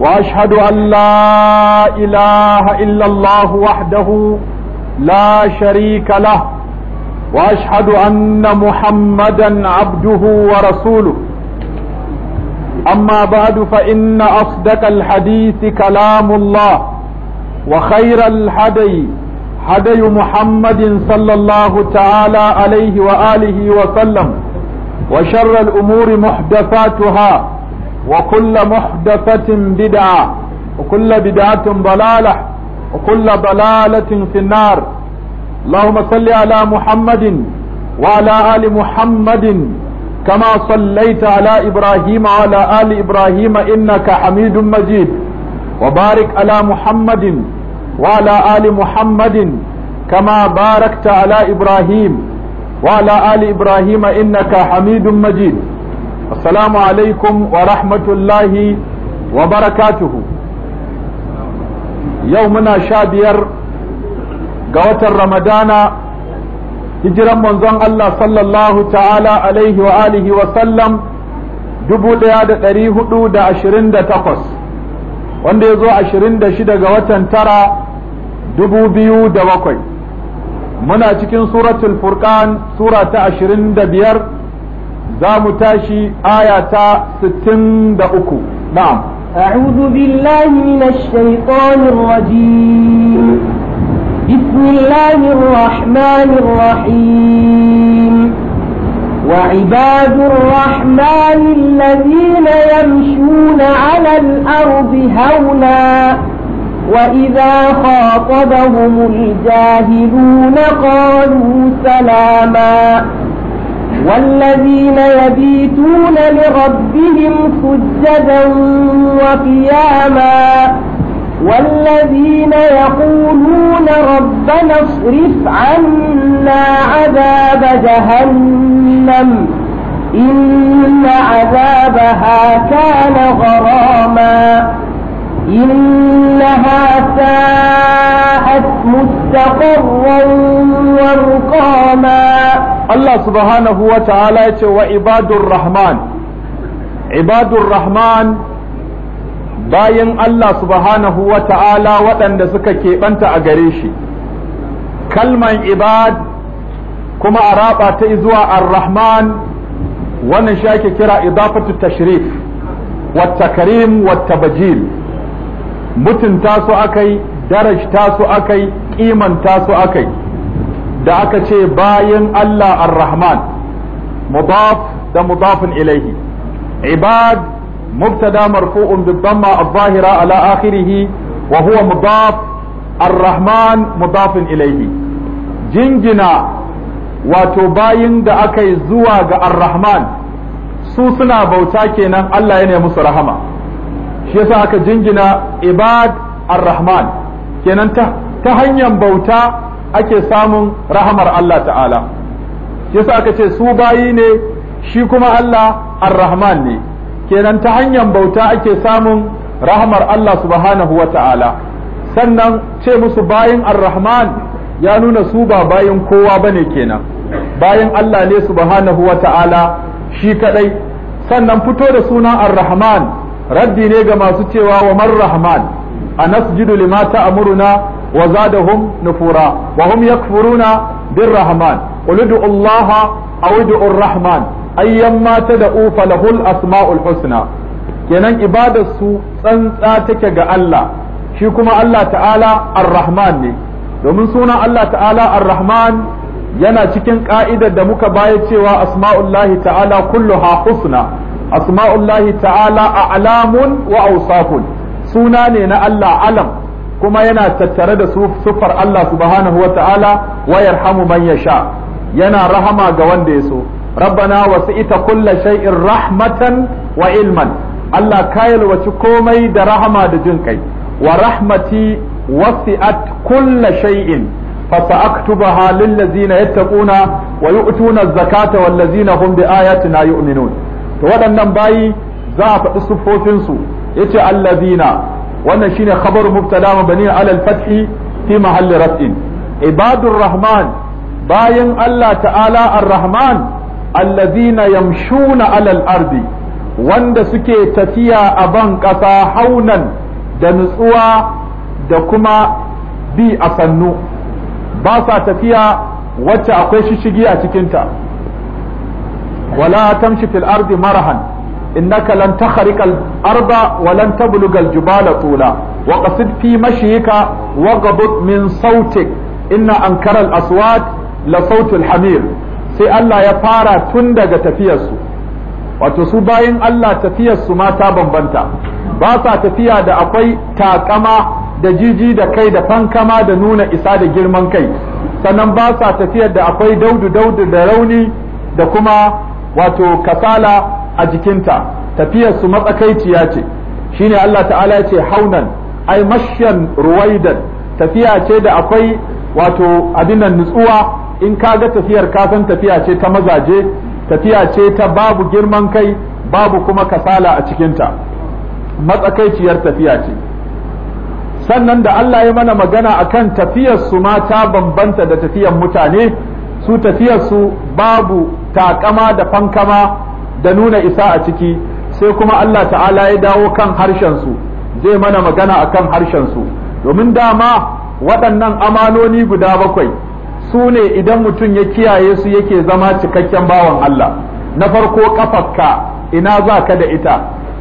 واشهد ان لا اله الا الله وحده لا شريك له واشهد ان محمدا عبده ورسوله اما بعد فان اصدق الحديث كلام الله وخير الهدي هدي محمد صلى الله تعالى عليه واله وسلم وشر الامور محدثاتها وكل محدثة بدعة وكل بدعة ضلالة وكل ضلالة في النار اللهم صل على محمد وعلى آل محمد كما صليت على إبراهيم وعلى آل إبراهيم إنك حميد مجيد وبارك على محمد وعلى آل محمد كما باركت على إبراهيم وعلى آل إبراهيم إنك حميد مجيد assalamu alaikum wa rahmatullahi wa barakatuhu yau muna sha biyar ga watan ramadana hijiran manzon Allah sallallahu ta'ala alaihi wa alihi wa sallam dubu ɗaya da ɗari hudu da ashirin da takwas wanda ya zo ashirin da shida ga watan tara dubu biyu da bakwai muna cikin suratul furqan surata ta ashirin da biyar za mu tashi aya ta 63 na'am أعوذ بالله من الشيطان الرجيم بسم الله الرحمن الرحيم وعباد الرحمن الذين يمشون على الأرض هونا وإذا خاطبهم الجاهلون قالوا سلاما والذين يبيتون لربهم سجدا وقياما والذين يقولون ربنا اصرف عنا عذاب جهنم إن عذابها كان غراما إنها ساءت مستقرا ومقاما Allah subhanahu wa ta'ala ya ce wa ibadur rahman ibadur rahman bayan Allah subhanahu wa ta'ala waɗanda suka keɓanta a gare shi kalman ibad kuma a raba ta zuwa ar-rahman wannan shi ake kira idafatu tashrif wata Karim, wata bajil mutunta su akai darajta su akai kimanta su akai da aka ce bayan Allah ar-Rahman mudaf da mudafin ilaihi ibad mubtada marfu'un bid-dhamma adh-dhahira ala akhirih wa huwa mudaf ar-Rahman mudafin ilaihi jingina wato bayin da aka yi zuwa ga ar-Rahman su suna bauta kenan Allah Ya ne musu rahama shi yasa aka jingina ibad ar-Rahman kenan ta hanyar bauta ake samun rahamar Allah ta'ala yasa aka ce su bayi ne shi kuma Allah arrahman ne kenan ta hanyar bauta ake samun rahamar Allah subhanahu wa ta'ala sannan ce musu bayin arrahman ya nuna su ba bayin kowa bane kenan bayin Allah ne subhanahu wa ta'ala shi kadai sannan fito da sunan arrahman raddi ne ga masu cewa wa man rahman a nasjudu lima ta'muruna وزادهم نفورا وهم يكفرون بالرحمن قل ادعوا الله أو ادعوا الرحمن أيما تدعوا فله asma'ul الحسنى kenan ibadar su tsantsa take ga Allah shi kuma Allah ta'ala ar-Rahman ne domin sunan Allah ta'ala ar-Rahman yana cikin ka'idar da muka baya cewa asma'ullahi ta'ala kulluha husna asma'ullahi ta'ala a'lamun wa awsafun suna ne na Allah alam kuma yana tattare da sufar Allah subhanahu wa ta'ala wa yarhamu man yasha yana rahama ga wanda ya so rabbana ita kulla shay'in rahmatan wa ilman Allah ka yalwaci komai da rahama da jin kai wa rahmati wasi'at kulla shay'in فسأكتبها للذين يتقون ويؤتون الزكاة والذين هم بآياتنا يؤمنون to waɗannan bayi za a faɗi siffofinsu yace zina. wannan shine khabaru mubtada mabni ala al-fathi fi mahalli raf'in ibadur rahman bayan Allah ta'ala ar-rahman allazina yamshuna ala al-ardi wanda suke tafiya a ban ƙasa haunan da nutsuwa da kuma bi a sannu ba sa tafiya wacce akwai shishigi a cikinta wala tamshi fil ardi marahan inna lan takhriqa al-arda wa lan tabluga al-jibala tula wa qasid fi mashyika wa ghabut min sautik inna ankara al-aswat la sautul hamir sai Allah ya fara tun daga tafiyarsu wato su bayin Allah tafiyarsu ma ta bambanta basa tafiya da akwai takama da jiji da kai da fankama da nuna isa da girman kai sannan basa sa tafiyar da akwai daudu daudu da rauni da kuma wato kasala a jikinta tafiyar su matsakaiciya ce shine Allah ta'ala ya ce haunan ai mashyan ruwaidan tafiya ce da akwai wato abinan nutsuwa in ka ga tafiyar kasan tafiya ce ta mazaje tafiya ce ta babu girman kai babu kuma kasala a cikinta matsakaiciyar tafiya ce sannan da Allah ya mana magana akan tafiyar su ma ta bambanta da tafiyar mutane su tafiyar su babu takama da fankama da nuna isa a ciki sai kuma Allah ta'ala ya dawo kan harshen su zai mana magana akan harshen su domin dama waɗannan amanoni guda bakwai su ne idan mutum ya kiyaye su yake zama cikakken bawan Allah na farko kafarka ina za ka da ita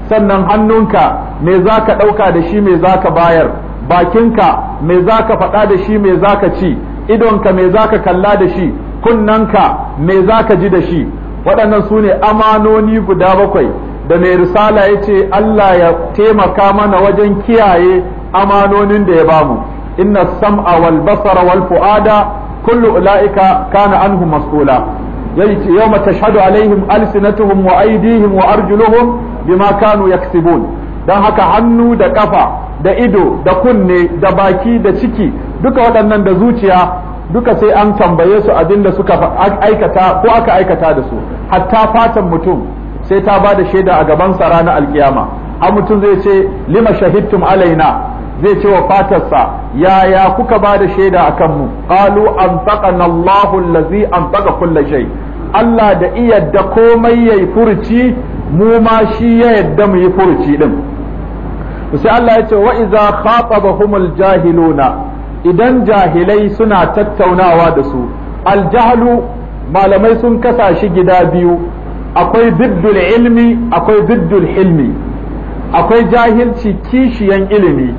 sannan hannunka me za ka ɗauka da shi me za ka bayar bakinka me za ka faɗa da shi me za ka ci idonka me za ka kalla da shi kunnanka me za ka ji da shi waɗannan su ne amanoni guda bakwai da mai risala ya ce Allah ya taimaka mana wajen kiyaye amanonin da ya bamu inna sam'a wal basara wal fu'ada kullu ula'ika kana anhu mas'ula yawma tashhadu alaihim alsinatuhum wa aydihim wa arjuluhum bima kanu yaksibun dan haka hannu da kafa da ido da kunne da baki da ciki duka waɗannan da zuciya duka sai an tambaye su abin da suka aikata ko aka aikata da su hatta fatan mutum sai ta ba da shaida a gaban sa ranar alkiyama a mutum zai ce lima shahidtum alaina zai ce wa fatarsa yaya kuka ba da shaida a kanmu qalu antaqana Allahu allazi antaqa kulli shay Allah da iyadda komai yayi furuci mu ma shi ya yadda mu yi furuci din sai Allah ya ce wa iza khatabahumul jahiluna idan jahilai suna tattaunawa da su aljahlu malamai sun kasa shi gida biyu akwai diddul ilmi akwai diddul ilmi akwai jahilci kishiyan ilimi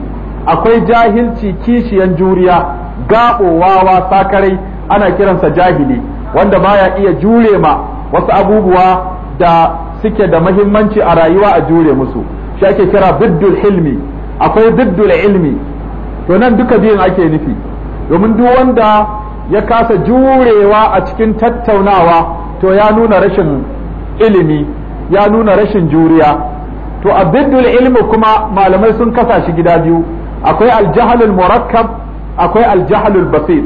akwai jahilci kishiyan juriya gaɓowawa sakarai ana kiransa jahili wanda baya iya jure ma wasu abubuwa da suke da mahimmanci a rayuwa a jure musu shi ake kira diddul hilmi akwai diddul ilmi to nan duka biyun ake nufi domin duk wanda ya kasa jurewa a cikin tattaunawa to ya nuna rashin ilimi ya nuna rashin juriya to abdul ilmi kuma malamai sun kasa shi gida biyu akwai aljahalul murakkab akwai aljahalul basit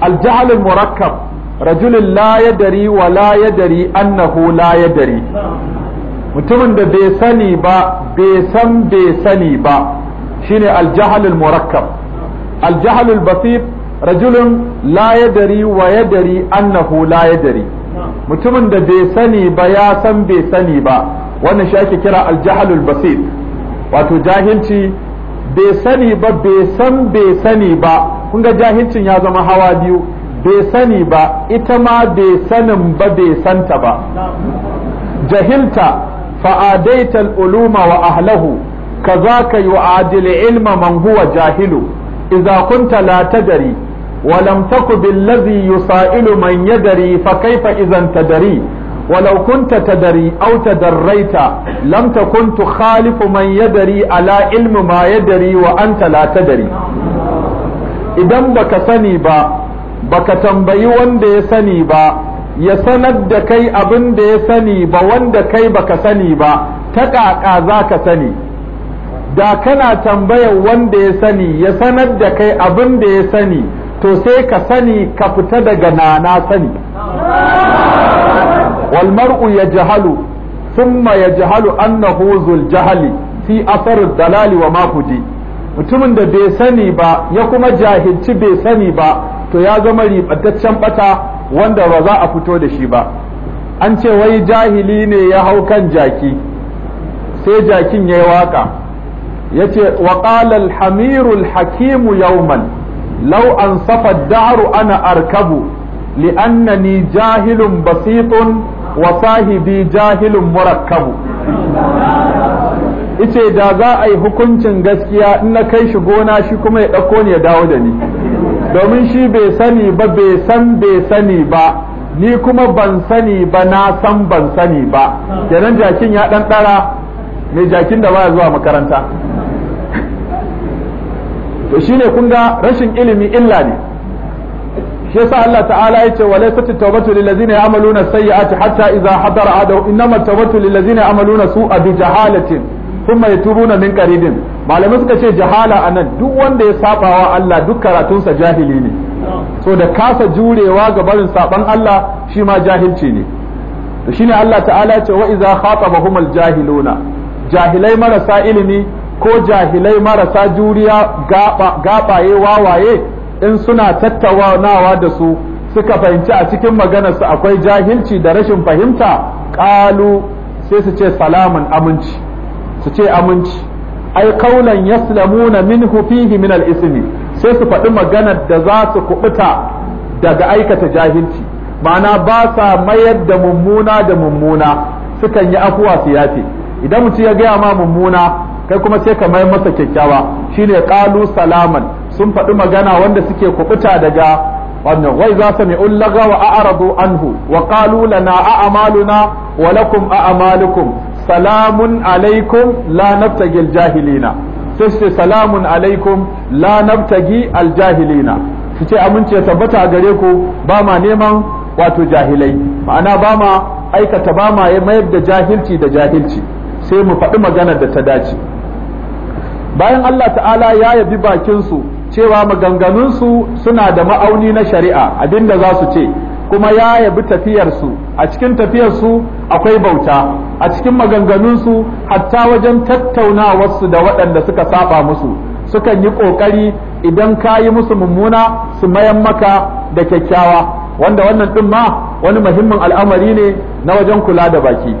aljahalul murakkab rajulun la yadari wa la yadari annahu la yadari mutumin da bai sani ba bai san bai sani ba shine aljahalul murakkab aljahalul basir rajulun la yadari wa yadari annahu la yadari mutumin da bai sani ba ya san bai sani ba wannan shi ake kira aljahalul basir wato jahilci bai sani ba bai san bai sani ba kun ga jahilcin ya zama hawa biyu bai sani ba ita ma bai sanin ba bai santa ba jahilta fa'adaita al'uluma wa ahlahu كذاك يعادل علم من هو جاهل إذا كنت لا تدري ولم تك بالذي يسائل من يدري فكيف إذا تدري ولو كنت تدري أو تدريت لم تكن تخالف من يدري على علم ما يدري وأنت لا تدري إذا بك سني با بك تنبي وندي سني با يسند كي أبن دي سني با وند كي بك سني با تقع ذاك سني da kana tambayar wanda ya sani ya sanar da kai abin da ya sani to sai ka sani ka fita daga nana sani wal mar'u yajhalu thumma yajhalu annahu zul jahli fi athar dalali wa ma mutumin da bai sani ba ya kuma jahilci bai sani ba to ya zama ribataccen bata wanda ba za a fito da shi ba an ce wai jahili ne ya hau kan jaki sai jakin ya yi waka yace wa qala hamiru hakimu yawman law an safa daru ana arkabu li'annani jahilun basitun wa sahibi jahilun murakkabu ice da za a yi hukuncin gaskiya in na kai shi gona shi kuma ya ɗauko ni ya dawo da ni domin shi bai sani ba bai san bai sani ba ni kuma ban sani ba na san ban sani ba kenan jakin ya ɗan ɗara mai jakin da baya zuwa makaranta to shine kun ga rashin ilimi illa ne shi yasa Allah ta'ala yace wa laysat at-tawbatu lil ladzina ya'maluna sayyi'ati hatta idza hadara adu innama tawbatu lil ladzina ya'maluna su'a bi jahalatin thumma yatubuna min qaribin malamai suka ce jahala anan duk wanda ya sabawa Allah duk karatunsa jahili ne so da kasa jurewa ga barin saban Allah shi ma jahilci ne to shine Allah ta'ala ya ce wa idza khatabahumul jahiluna jahilai marasa ilimi ko jahilai marasa juriya gaɓaye wawaye in suna tattaunawa da su suka fahimci a cikin maganarsu akwai jahilci da rashin fahimta ƙalu sai su ce salamun aminci su ce aminci ai kaulan yaslamuna minhu fihi min al sai su faɗi maganar da za su kubuta daga aikata jahilci ma'ana ba sa mayar da mummuna da mummuna sukan yi afuwa su yafe idan mutum ya gaya ma mummuna kai kuma sai ka mai masa kyakkyawa shine qalu salaman sun faɗi magana wanda suke kubuta daga wannan wai za su sami ullaga wa a'radu anhu wa qalu lana a'maluna wa lakum a'malukum salamun alaikum la nabtagil jahilina sai su salamun alaikum la nabtagi aljahilina su ce amince tabbata gare ku ba ma neman wato jahilai ma'ana ba ma aikata ba ma mayar da jahilci da jahilci sai mu faɗi maganar da ta dace bayan Allah ta'ala ya yabi bakinsu cewa maganganunsu suna da ma'auni na shari'a abinda za su ce kuma ya yabi tafiyarsu a cikin tafiyarsu akwai bauta a cikin maganganunsu hatta wajen tattaunawarsu da waɗanda suka saba musu sukan yi ƙoƙari idan ka yi musu mummuna su mayan maka da kyakkyawa wanda wannan ɗin ma wani muhimmin al'amari ne na wajen kula da baki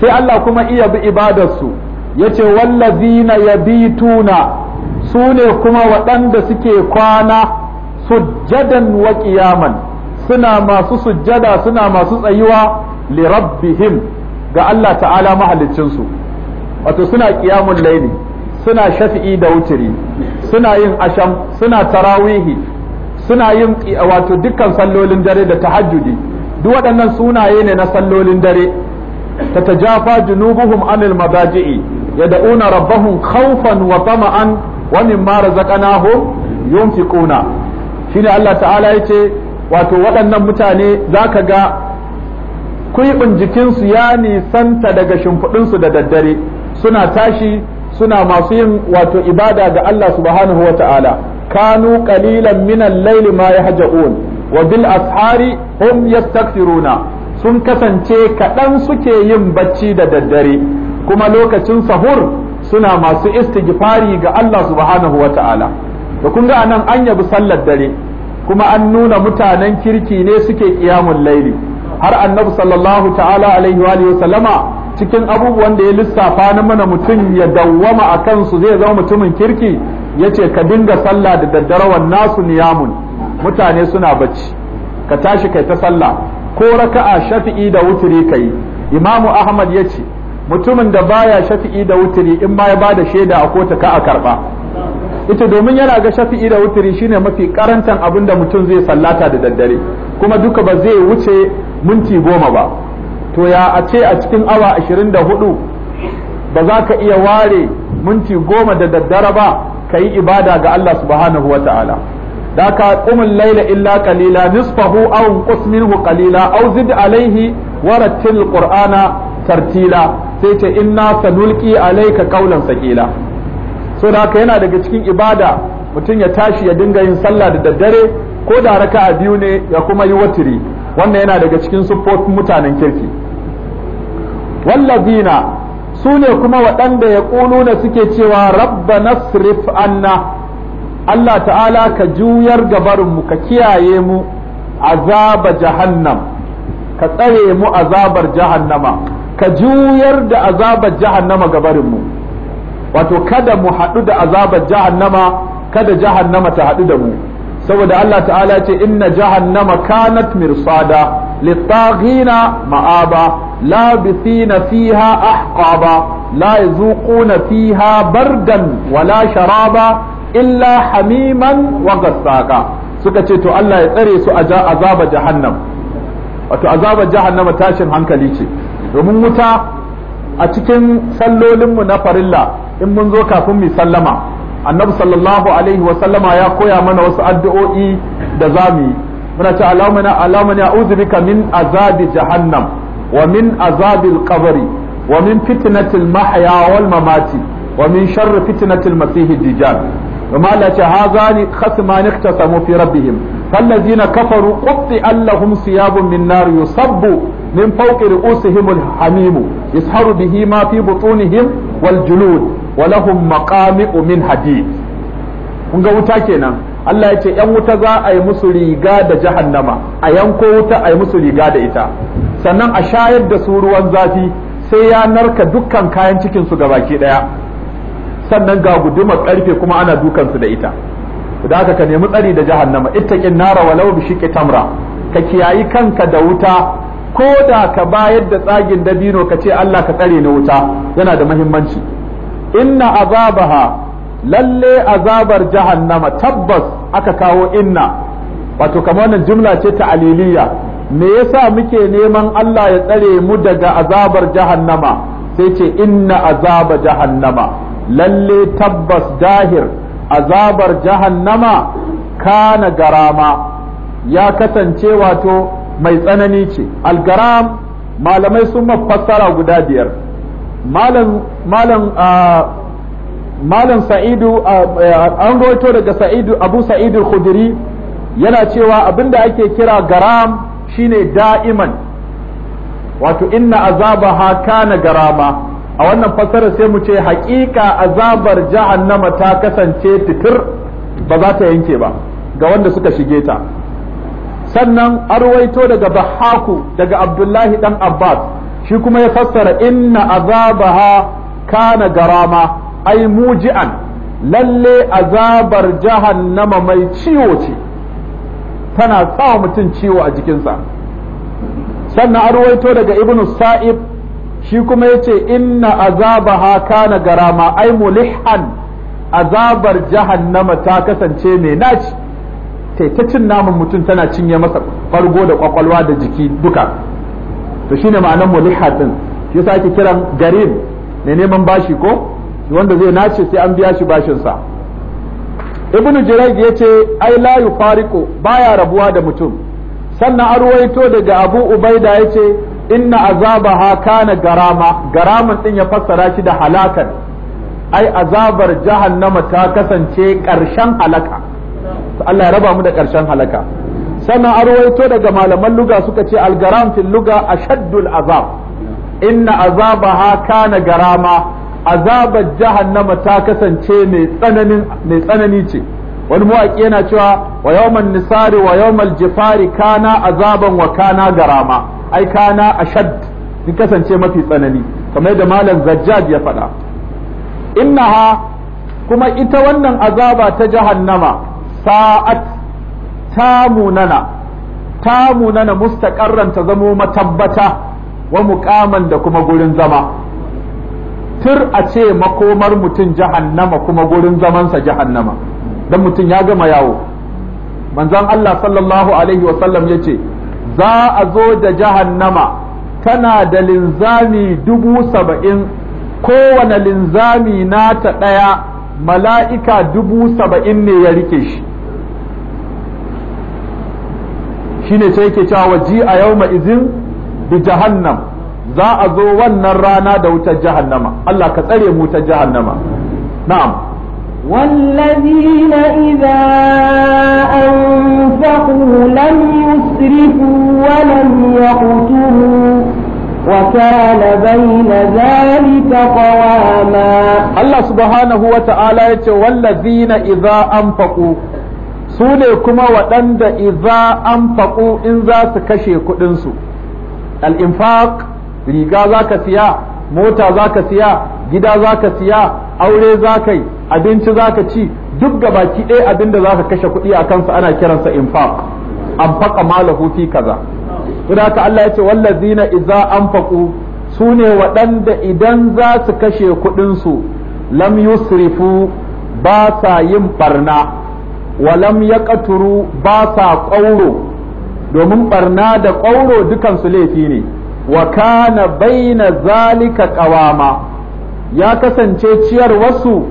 sai Allah kuma iya bi ibadarsu ya ce wallazina yabituna su ne kuma waɗanda suke kwana sujjadan wa qiyaman suna masu sujjada suna masu tsayuwa li rabbihim ga Allah ta'ala mahaliccinsu wato suna qiyamul laili suna shafi'i da wutiri suna yin asham suna tarawihi suna yin wato dukkan sallolin dare da tahajjudi duk waɗannan sunaye ne na sallolin dare تتجافى جنوبهم عن المضاجع يدعون ربهم خوفا وطمعا ومما رزقناهم ينفقون shine Allah ta'ala ya ce wato waɗannan mutane za ka ga kuiɓin jikinsu ya nisanta daga shimfiɗinsu da daddare suna tashi suna masu yin wato ibada ga Allah subhanahu wa ta'ala kanu ƙalilan minan al-layli ma yahja'un wa bil ashari hum yastaghfiruna sun kasance kaɗan suke yin bacci da daddare kuma lokacin sahur suna masu istighfari ga Allah subhanahu wa ta'ala da kun ga anan an yabi sallar dare kuma an nuna mutanen kirki ne suke kiyamun laili har annabi sallallahu ta'ala alaihi wa sallama cikin abubuwan da ya lissafa na mana mutum ya dawwama a kansu zai zama mutumin kirki ya ce ka dinga sallah da daddare nasu niyamun mutane suna bacci ka tashi kai ta sallah ko raka'a shafi'i da wuturi kai imamu ahmad ya ce mutumin da baya shafi'i da wuturi in ma ya bada shaida a kota ka a karba ita domin yana ga shafi'i da wuturi shine mafi karantan abin da mutum zai sallata da daddare kuma duka ba zai wuce minti goma ba to ya a ce a cikin awa ashirin da hudu ba za ka iya ware minti goma da daddare ba ka yi ibada ga Allah subhanahu wa ta'ala da ka qumul layla illa qalila nisfahu aw qus minhu qalila aw zid alayhi waratil qur'ana tartila sai ce inna sanulqi alayka qawlan saqila so da ka yana daga cikin ibada mutum ya tashi ya dinga yin sallah da daddare ko da raka'a biyu ne ya kuma yi watiri wannan yana daga cikin siffofin mutanen kirki wallazina su ne kuma waɗanda ya na suke cewa rabba nasrif anna Allah ta'ala ka juyar gabarinmu ka kiyaye mu azaba jahannam ka tsare mu azabar jahannama ka juyar da azabar jahannama gabarinmu wato kada mu haɗu da azabar jahannama kada jahannama ta haɗu da mu saboda Allah ta'ala ce inna jahannama kanat mirsada littaghina ma'aba labithina fiha ahqaba la yazuquna fiha bardan wala sharaba illa hamiman wa gassaka suka ce to Allah ya tsare su a azaba jahannam wato azaba jahannama tashin hankali ce domin wuta a cikin sallolinmu na farilla in mun zo kafin mu sallama annabi sallallahu alaihi wa sallama ya koya mana wasu addu'o'i da zamu yi muna ce alamana alamana a'udhu bika min azabi jahannam wa min azabil qabri wa min fitnatil mahya wal mamati wa min sharri fitnatil masihid dijjal kuma Allah ce hazani khasman iktasamu fi rabbihim siyabu كفروا قطع لهم ثياب من نار يصب من فوق رؤوسهم الحميم يسحر به ما في بطونهم والجلود ولهم مقامع من حديد kunga wuta kenan Allah ya ce ‘yan wuta za a yi musu riga da jahannama a yanko wuta a yi musu riga da ita sannan a shayar da su ruwan zafi sai ya narka dukkan kayan cikinsu gabaki ɗaya sannan ga gudumar karfe kuma ana dukan su da ita da aka ka nemi tsari da jahannama ittaqin nara walau bi shiqqi tamra ka kiyayi kanka da wuta ko da ka bayar da tsagin dabino ka ce Allah ka tsare ni wuta yana da muhimmanci inna azabaha lalle azabar jahannama tabbas aka kawo inna wato kamar wannan jumla ce ta aliliya me yasa muke neman Allah ya tsare mu daga azabar jahannama sai ce inna azaba jahannama lalle tabbas dahir azabar jahannama kana garama ya kasance wato mai tsanani ce algaram malamai sun mafassara guda biyar malam sa'idu an roto daga sa'idu abu sa'idu khudiri yana cewa abinda ake kira garam shine da'iman wato inna azabaha kana garama a wannan fassara sai mu ce haƙiƙa azabar jahannama ta kasance tikir ba za ta yanke ba ga wanda suka shige ta sannan arwaito daga bahaku daga abdullahi dan abbas shi kuma ya fassara inna azabaha kana garama ai muji'an lalle azabar jahannama mai ciwo ce tana sa mutum ciwo a jikinsa sannan arwaito daga ibnu sa'ib shi kuma ya yace inna ha kana garama ai mulihan azabar jahannama ta kasance mai naci ta ta cin namun mutum tana cinye masa fargo da kwakwalwa da jiki duka to shine ma'anar muliha din shi yasa ake kiran garin ne neman bashi ko wanda zai nace sai an biya shi bashinsa. sa ibnu ya yace ai la yufariqu baya rabuwa da mutum sannan arwaito daga abu ubaida yace inna azabaha kana garama garaman din ya fassara shi da halakar ai azabar jahannama ta kasance ƙarshen halaka Allah ya raba mu da ƙarshen halaka sannan arwaito daga malaman luga suka ce algaram fil luga ashaddul azab inna azabaha kana garama azabar jahannama ta kasance mai tsanani ce wani mawaƙi yana cewa wa nisari wa yawmal jifari kana azaban wa kana garama ai kana ashad in kasance mafi tsanani kamar yadda malam zajjad ya faɗa innaha kuma ita wannan azaba ta jahannama sa'at ta munana ta munana mustaqarran ta zamo matabbata wa muƙaman da kuma gurin zama tur a ce makomar mutum jahannama kuma gurin zamansa jahannama dan mutum ya gama yawo manzon Allah sallallahu alaihi wasallam ya ce za a zo da jahannama tana da linzami dubu saba'in kowane linzami nata ɗaya mala'ika dubu saba'in ne ya rike shi shi ne sai yake cewa waji a yau izin bi jahannam za a zo wannan rana da wutar jahannama Allah ka tsare mu ta jahannama na'am والذين إذا أنفقوا لم يسرفوا ولم يقتروا وكان بين ذلك قواما الله سبحانه وتعالى والذين إذا أنفقوا su ne kuma waɗanda iza an faƙo in za su kashe kuɗinsu al'infaq riga za ka siya mota za ka siya gida za ka siya aure za ka yi abinci za ka ci duk ga baki ɗaya abin da za ka kashe kuɗi a kansa ana kiransa infaq an faƙa malahu fi kaza saboda Allah ya ce wallazina idza anfaqu su ne waɗanda idan za su kashe kuɗinsu lam yusrifu ba sa yin barna wa lam yaqturu ba sa ƙauro domin barna da ƙauro dukansu laifi ne wa kana baina zalika qawama ya kasance ciyar wasu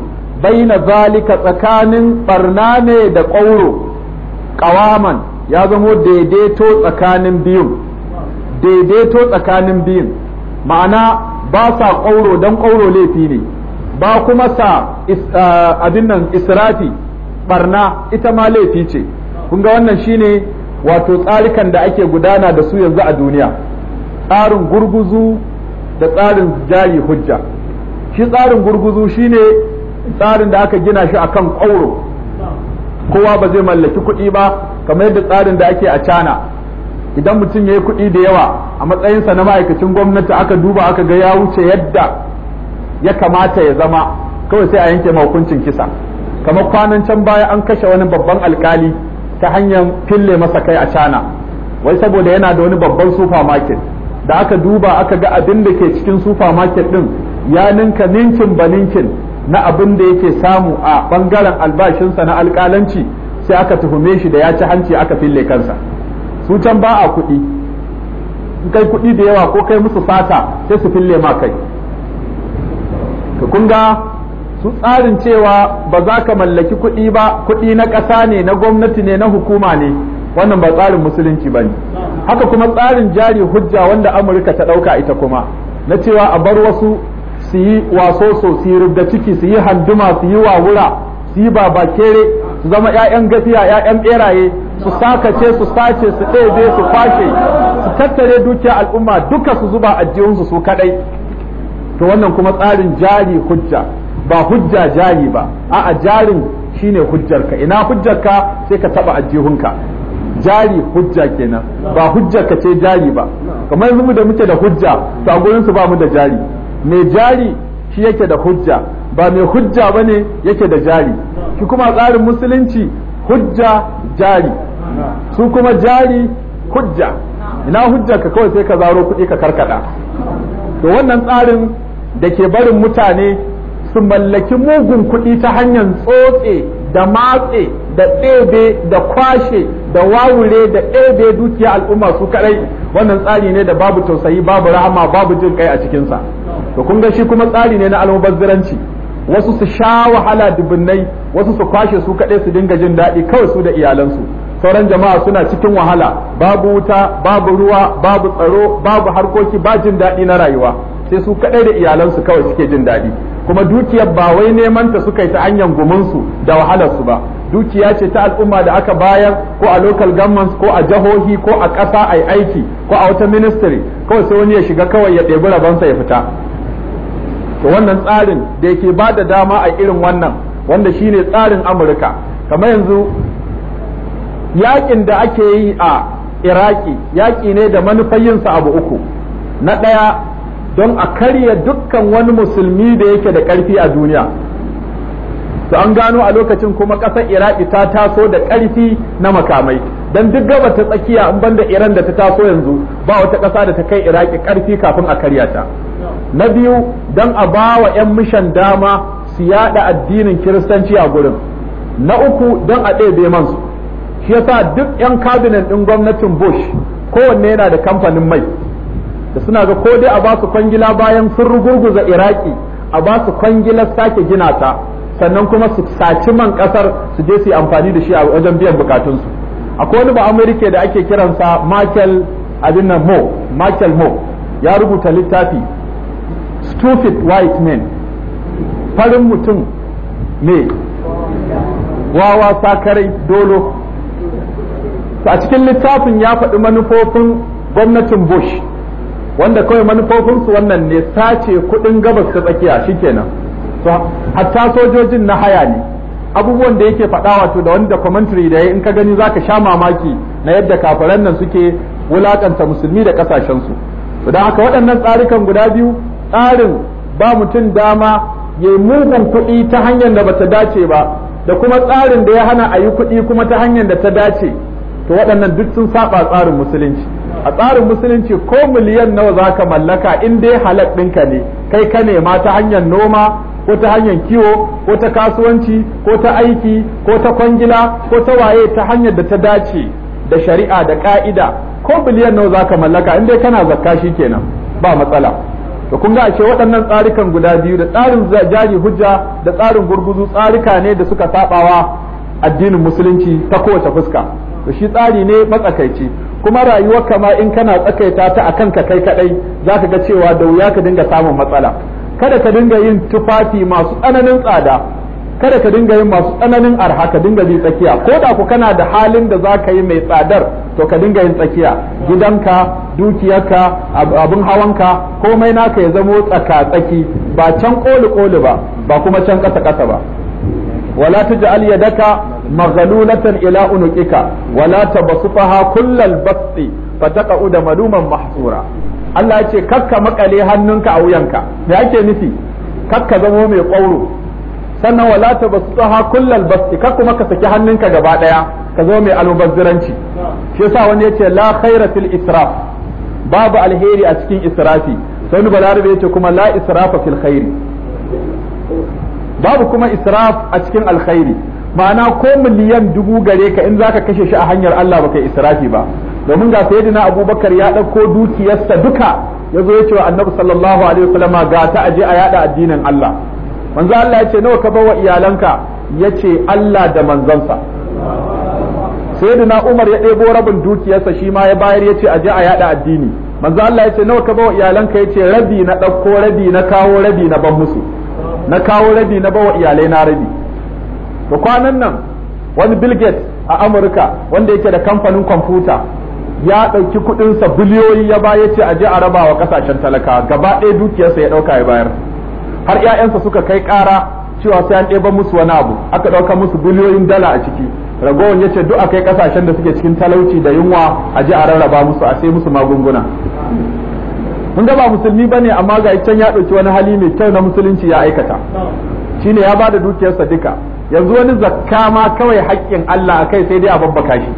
baina zalika tsakanin barna ne da ƙauro ƙawaman ya zamo daidaito tsakanin biyun daidaito tsakanin biyun ma'ana ba sa ƙwauro don ƙauro laifi ne ba kuma sa abin nan israfi barna ita ma laifi ce kun ga wannan shine wato tsarikan da ake gudana da su yanzu a duniya tsarin gurguzu da tsarin jari hujja shi tsarin gurguzu shi ne tsarin da aka gina shi akan ƙauro kowa ba zai mallaki kuɗi ba kamar yadda tsarin da ake a cana idan mutum ya yi kuɗi da yawa a matsayinsa na ma'aikacin gwamnati aka duba aka ga ya wuce yadda ya kamata ya zama kawai sai a yanke hukuncin kisa kamar kwanan can baya an kashe wani babban alkali ta hanyar fille masa kai a cana wai saboda yana da wani babban supermarket da aka duba aka ga abin da ke cikin supermarket din ya ninka ninkin ba ninkin na abin da yake samu a bangaren albashinsa na alkalanci sai aka tuhume shi da ya ci hanci aka fille kansa su can ba a kuɗi kai kuɗi da yawa ko kai musu fata sai su fille ma kai ka kun su tsarin cewa ba za ka mallaki kuɗi ba kuɗi na ƙasa ne na gwamnati ne na hukuma ne wannan ba tsarin musulunci ba ne haka kuma tsarin jari hujja wanda amurka ta ɗauka ita kuma na cewa a bar wasu su yi waso so su yi rubda ciki su yi handuma su yi wawura su yi babakere su zama 'ya'yan gafiya 'ya'yan beraye su sakace su sace su ɗebe su kwashe su tattare dukiya al'umma duka su zuba ajihunsu su kadai to wannan kuma tsarin jari hujja ba hujja jari ba a'a jarin shine hujjarka ina hujjarka sai ka taba ajihunka jari hujja kenan ba hujjarka ce jari ba kamar yanzu mu da muke da hujja to a gurin su ba mu da jari mai jari shi yake da hujja ba mai hujja ba ne yake da jari shi kuma tsarin musulunci hujja jari su kuma jari hujja ina hujja ka kawai sai ka zaro kuɗi ka karkada to wannan tsarin da ke barin mutane su mallaki mugun kuɗi ta hanyar tsotse da matse da tsebe da kwashe da wawure da ɗebe dukiya al'umma su kadai wannan tsari ne da babu tausayi babu rahama babu jin kai a cikinsa to kun ga shi kuma tsari ne na almubazziranci wasu su sha wahala dubunnai wasu su kwashe su kadai su dinga jin daɗi kawai su da iyalansu sauran jama'a suna cikin wahala babu wuta babu ruwa babu tsaro babu harkoki ba jin daɗi na rayuwa sai su kadai da iyalansu kawai suke jin daɗi kuma dukiyar ba wai neman ta suka yi ta hanyar gumunsu da wahalarsu ba dukiya ce ta al'umma da aka bayar ko a local governments ko a jahohi ko a ƙasa ai aiki ko a wata ministry kawai sai wani ya shiga kawai ya ɗebi rabonsa ya fita to wannan tsarin da yake ba da dama a irin wannan wanda shine tsarin amurka kamar yanzu yakin da ake yi a iraki yaki ne da manufayinsa abu uku na ɗaya don a karya dukkan wani musulmi da yake da ƙarfi a duniya to an gano a lokacin kuma ƙasar iraki ta taso da ƙarfi na makamai don duk gaba ta tsakiya in banda iran da ta taso yanzu ba wata ƙasa da ta kai iraki ƙarfi kafin a karya ta na biyu dan a ba wa 'yan mishan dama su yada addinin kiristanci a gurin na uku dan a ɗebe mansu shi yasa duk 'yan kabinet ɗin gwamnatin bush kowanne yana da kamfanin mai da suna ga ko dai a ba su kwangila bayan sun rugurguza iraki a ba su kwangilar sake gina ta sannan kuma su saci man kasar su je su yi amfani da shi a wajen biyan bukatunsu akwai wani ba da ake kiransa michael abin nan mo michael mo ya rubuta littafi stupid white men farin mutum ne wawa sakarai dolo a cikin littafin ya faɗi manufofin gwamnatin bush wanda kawai manufofinsu wannan ne sace kudin gabas ta tsakiya shikenan hatta sojojin na haya ne abubuwan da yake faɗa wato da wanda commentary da ya in ka gani zaka sha mamaki na yadda kafiran nan suke wulakanta musulmi da kasashen su to dan haka waɗannan tsarikan guda biyu tsarin ba mutum dama ya yi mugun kuɗi ta hanyar da bata dace ba da kuma tsarin da ya hana a yi kuɗi kuma ta hanyar da ta dace to waɗannan duk sun saba tsarin musulunci a tsarin musulunci ko miliyan nawa zaka mallaka in dai halal ɗinka ne kai ka nema ta hanyar noma ko ta hanyar kiwo ko ta kasuwanci ko ta aiki ko ta kwangila ko ta waye ta hanyar da ta dace da shari'a da ka'ida ko biliyan nawa zaka mallaka in dai kana zakka kenan ba matsala to kun ga ashe waɗannan tsarikan guda biyu da tsarin jari hujja da tsarin gurguzu tsarika ne da suka sabawa addinin musulunci ta kowace fuska to shi tsari ne matsakaici kuma rayuwar kama in kana tsakaita ta akan ka kai kadai zaka ga cewa da wuya ka dinga samun matsala kada ka dinga yin tufafi masu tsananin tsada kada ka dinga yin masu tsananin arha ka dinga bi tsakiya ko da ku kana da halin da za ka yi mai tsadar to ka dinga yin tsakiya gidanka dukiyarka abin hawanka komai naka ya zamo tsaka tsaki ba can koli koli ba ba kuma can kasa kasa ba wala tuj'al yadaka maghlulatan ila unuqika wala tabsutaha kullal basti fataqa'u da maluman mahsura Allah ya ce kakka makale hannunka a wuyanka me ake nufi kakka zamo mai ƙauro sannan wala ta bastaha kullal basti kak kuma ka saki hannunka gaba daya ka zama mai almubazziranci shi yasa wani yace la khaira fil israf babu alheri a cikin israfi sai ni balarabe yace kuma la israfa fil khairi babu kuma israf a cikin alkhairi ma'ana ko miliyan dubu gare ka in zaka kashe shi a hanyar Allah baka israfi ba domin ga na abubakar ya ɗauko dukiyarsa duka ya zo ya ce wa annabi sallallahu alaihi wasallama ga ta aje a yada addinin Allah manzo Allah ya ce nawa ka bawa iyalanka ya ce Allah da manzansa sayyidina Umar ya ɗebo rabin dukiyarsa shi ma ya bayar ya ce aje a yada addini manzo Allah ya ce nawa ka bawa iyalanka ya ce rabi na ɗauko rabi na kawo rabi na ban musu na kawo rabi na bawa iyalai na rabi to kwanan nan wani Bill Gates a Amurka wanda yake da kamfanin kwamfuta ya ɗauki kuɗinsa biliyoyi ya ba ya ce a je a raba wa ƙasashen talaka gaba ɗaya dukiyarsa ya ɗauka ya bayar har 'ya'yansa suka kai ƙara cewa sai an ɗeba musu wani abu aka ɗauka musu biliyoyin dala a ciki ragowar ya ce duk a kai ƙasashen da suke cikin talauci da yunwa a je a rarraba musu a sai musu magunguna mun ga ba musulmi ne amma ga can ya ɗauki wani hali mai kyau na musulunci ya aikata shi ne ya ba da dukiyarsa duka yanzu wani zakka ma kawai haƙƙin Allah a kai sai dai a babbaka shi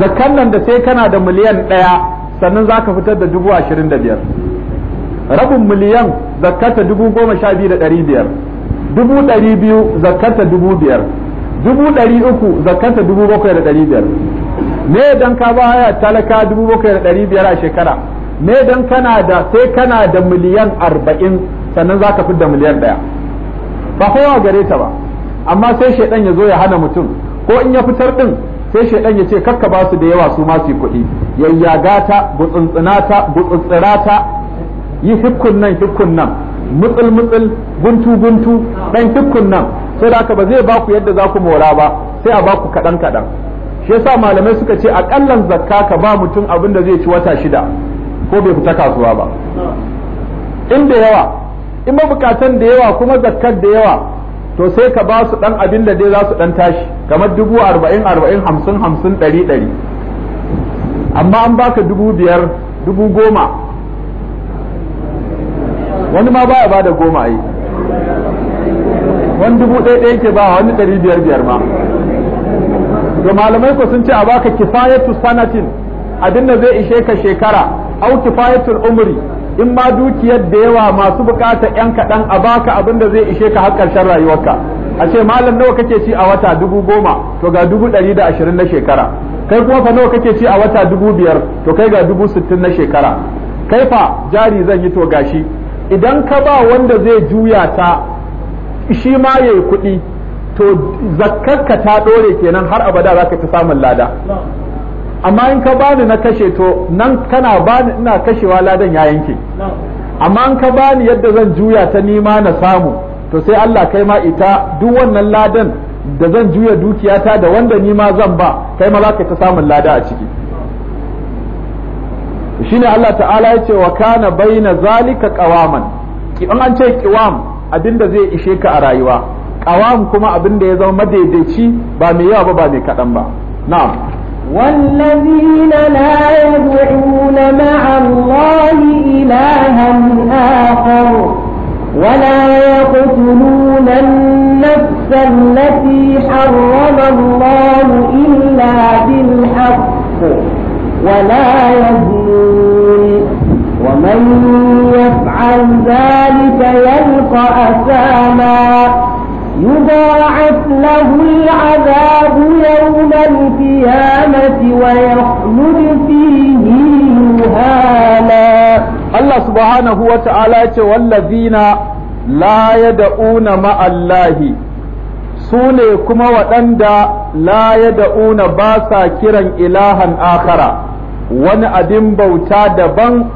zakan nan da sai kana da miliyan ɗaya sannan za ka fitar da dubu ashirin da biyar rabin miliyan zakata dubu goma sha biyu da ɗari biyar dubu ɗari biyu zakata dubu biyar dubu ɗari uku zakata dubu bakwai da ɗari biyar me dan ka ba haya talaka dubu bakwai da ɗari biyar a shekara me dan kana da sai kana da miliyan arba'in sannan za ka fi da miliyan ɗaya ba kowa gare ta ba amma sai shaidan ya zo ya hana mutum ko in ya fitar din sai shaidan ya ce kakka ba su da yawa su ma su kuɗi yayyaga ta gutsuntsuna ta yi hikkun nan hikkun nan mutsul mutsul guntu guntu dan hikkun nan sai da ka ba zai ba ku yadda za ku mora ba sai a ba ku kaɗan kaɗan shi yasa malamai suka ce a aƙallan zakka ka ba mutum abin da zai ci wata shida ko bai fita kasuwa ba in da yawa in mabukatan da yawa kuma zakkar da yawa to sai ka ba su dan abin da dai za su dan tashi kamar dubu arba'in arba'in hamsin hamsin ɗari ɗari amma an baka dubu biyar dubu goma wani ma baya ba da goma ai wani dubu ɗaya ɗaya ke ba wani ɗari biyar biyar ma to malamai ku sun ce a baka kifayatu sanatin abin da zai ishe ka shekara au kifayatul umri in ma dukiyar da yawa masu bukata yan kaɗan a baka abin da zai ishe ka har ƙarshen rayuwarka a ce malam nawa kake ci a wata dubu goma to ga dubu ɗari da ashirin na shekara kai kuma fa nawa kake ci a wata dubu biyar to kai ga dubu sittin na shekara kai fa jari zan yi to gashi idan ka ba wanda zai juya ta shi ma yayi kuɗi to zakkarka ta ɗore kenan har abada za ka ta samun lada amma in ka bani na kashe to nan kana bani ina kashewa ladan ya yanke amma in ka bani yadda zan juya ta nima na samu to sai Allah kai ma ita duk wannan ladan da zan juya dukiyata da wanda nima zan ba kai ma zaka ka ta samun lada a ciki shine Allah ta'ala ya ce wa kana baina zalika qawaman in an ce qiwam abinda zai ishe ka a rayuwa qawam kuma abinda ya zama madaidaici ba mai yawa ba ba mai kadan ba na'am والذين لا يدعون مع الله إلها آخر ولا يقتلون النفس التي حرم الله إلا بالحق ولا يزنون ومن يفعل ذلك يلقى أثاما يضاعف له العذاب يوم القيامة ويخلد فيه مهانا الله سبحانه وتعالى والذين لا يدعون مع الله sune kuma waɗanda la yada'una ba sa kiran ilahan akara wani abin bauta daban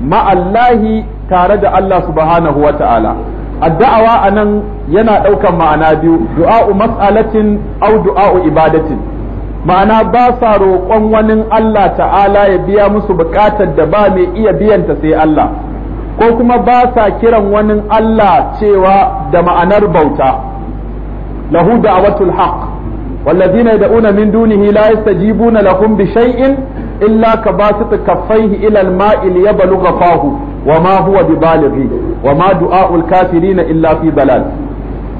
ma'allahi tare da Allah subhanahu wa ta'ala addu'awa nan yana ɗaukan ma'ana biyu du'a'u mas'alatin au du'a'u ibadatin ma'ana ba sa roƙon wani Allah ta'ala ya biya musu buƙatar da ba mai iya biyanta sai Allah ko kuma ba sa kiran wani Allah cewa da ma'anar bauta lahu da'watul haqq والذين يدعون من دونه لا يستجيبون لهم بشيء إلا كباسط كفيه إلى الماء ليبلغ fahu. wa ma huwa bibalighi wa ma du'aul kafirina illa fi dalal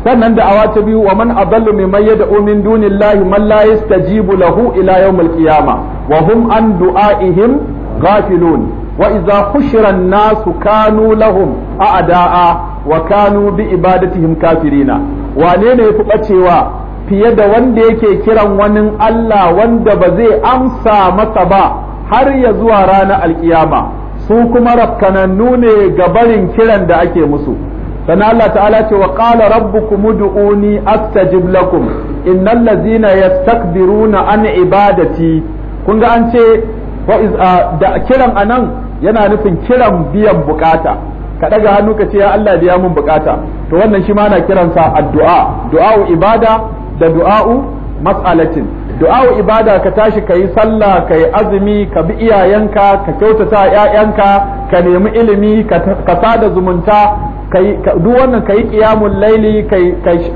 sannan da ta biyu wa man adallu mimman yad'u min dunillahi man la yastajibu lahu ila yawmil qiyamah wa hum an du'aihim ghafilun wa idza hushira an-nasu kanu lahum a'da'a wa kanu bi ibadatihim kafirina wane ne yafi bacewa fiye da wanda yake kiran wani Allah wanda ba zai amsa masa ba har ya zuwa ranar alkiyama su kuma rafkanannu ne ga barin kiran da ake musu sannan Allah ta'ala ce wa qala rabbukum ud'uni astajib lakum innal ladzina yastakbiruna an ibadati kun ga an ce da kiran anan yana nufin kiran biyan bukata ka daga hannu ka ce ya Allah biya mun bukata to wannan shi ma ana kiransa addu'a du'a'u ibada da du'a'u mas'alatin du'a'u ibada ka tashi ka yi sallah ka yi azumi ka bi iyayenka ka kyautata ‘ya'yanka ka nemi ilimi ka sada zumunta duk wannan ka yi ƙiyamun laili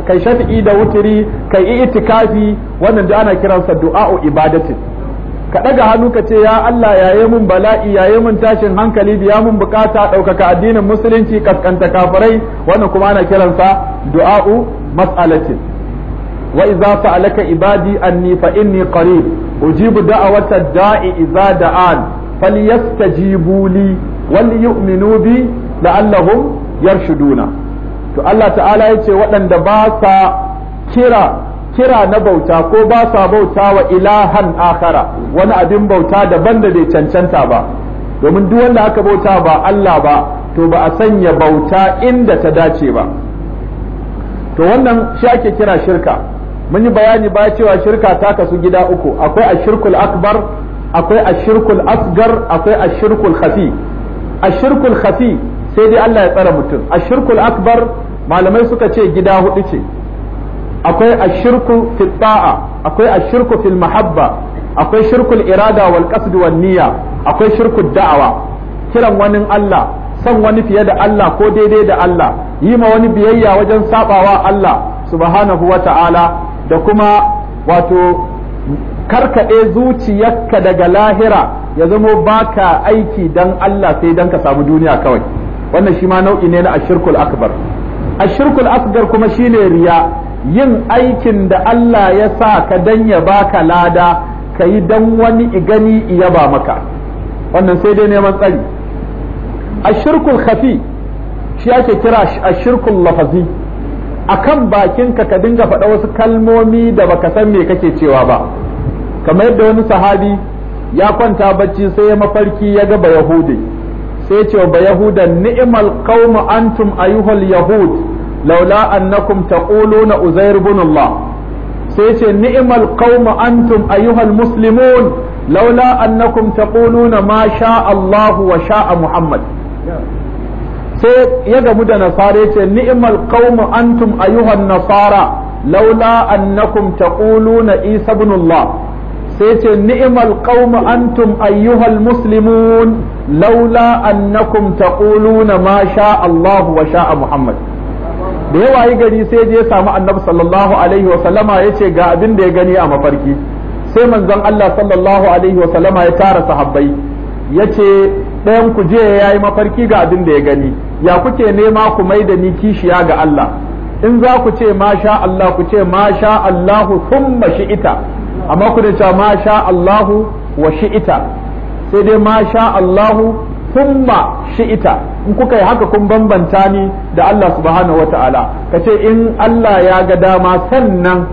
ka shafi'i da wuturi ka yi itikafi wannan duk ana kiransa du'a'u ibadatin ka ɗaga hannu ka ce ya Allah yaye mun bala'i yaye mun tashin hankali biya mun bukata ɗaukaka addinin musulunci kaskanta kafirai wannan kuma ana kiransa du'a'u mas'alatin wa idza sa'alaka ibadi anni fa inni qarib ujibu da'awata da'i idza da'an falyastajibu li wal yu'minu bi yarshuduna to Allah ta'ala yace waɗanda ba sa kira kira na bauta ko ba sa bauta wa ilahan akhara wani abin bauta daban da bai cancanta ba domin duk wanda aka bauta ba Allah ba to ba a sanya bauta inda ta dace ba to wannan shi ake kira shirka mun yi bayani ba cewa shirka ta kasu gida uku akwai ashirkul akbar akwai ashirkul asgar akwai ashirkul khafi ashirkul khafi sai dai Allah ya tsara mutum ashirkul akbar malamai suka ce gida hudu ce akwai ashirku fil ta'a akwai ashirku fil mahabba akwai shirkul irada wal qasd niyya akwai shirkul da'awa kiran wani Allah son wani fiye da Allah ko daidai da Allah yi ma wani biyayya wajen sabawa Allah subhanahu wa ta'ala da kuma wato karkaɗe zuciyarka daga lahira ya zamo baka aiki dan Allah sai dan ka samu duniya kawai wannan shi ma nau'i ne na ashirkul akbar ashirkul akbar kuma shine riya yin aikin da Allah ya sa ka dan ya baka lada ka yi dan wani igani iya ba maka wannan sai dai neman tsari ashirkul khafi shi ake kira ashirkul lafazi akan bakinka ka dinga faɗa wasu kalmomi da baka san me kake cewa ba kamar yadda wani sahabi ya kwanta bacci sai ya mafarki ya ga Yahudi, sai ce ba yahudan ni'mal qawmu antum ayuhal yahud laula annakum taquluna uzair ibn Allah sai ce ni'mal qawmu antum ayuhal muslimun laula annakum taquluna ma sha Allah wa sha'a Muhammad sai ya gamu da nasara yace ni'mal qaumu antum ayyuhan nasara laula annakum taquluna isa ibn allah sai ce ni'mal qaumu antum ayyuhal muslimun laula annakum taquluna ma sha allah wa sha muhammad da yawa yi gari sai je samu annabi sallallahu alaihi wa sallama yace ga abin da ya gani a mafarki sai manzon Allah sallallahu alaihi wa sallama ya tara sahabbai yace ɗayan ku je ya yi mafarki ga abin da ya gani ya kuke nema ku mai da ni kishiya ga Allah in za ku ce masha Allah ku ce masha Allahu thumma shi'ita amma ku da cewa masha Allahu wa ita sai dai masha Allahu shi ita in kuka yi haka kun bambanta ni da Allah subhanahu ka ce in Allah ya ga dama sannan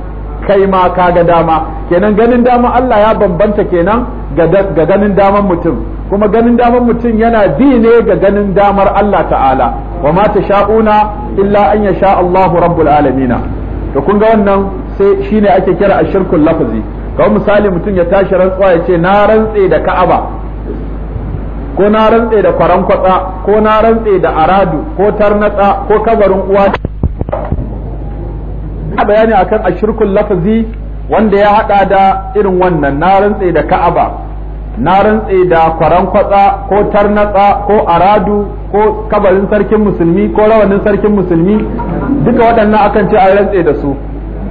kai ma ka ga dama kenan ganin dama Allah ya bambanta kenan ga ganin daman mutum kuma ganin daman mutum yana bi ne ga ganin damar Allah ta'ala wa ma sha'una illa an yasha Allah rabbul alamin to kun ga wannan sai shine ake kira ashirkul lafzi kawai misali mutum ya tashi rantsuwa ya ce na rantse da Ka'aba ko na rantse da kwaran kwatsa ko na rantse da aradu ko tarnatsa ko kabarin uwa a bayani akan ashirkul lafazi wanda ya haɗa da irin wannan na rantse da ka'aba na rantse da kwaran kwatsa ko tarnatsa ko aradu ko kabarin sarkin musulmi ko rawanin sarkin musulmi duka waɗannan akan ce a rantse da su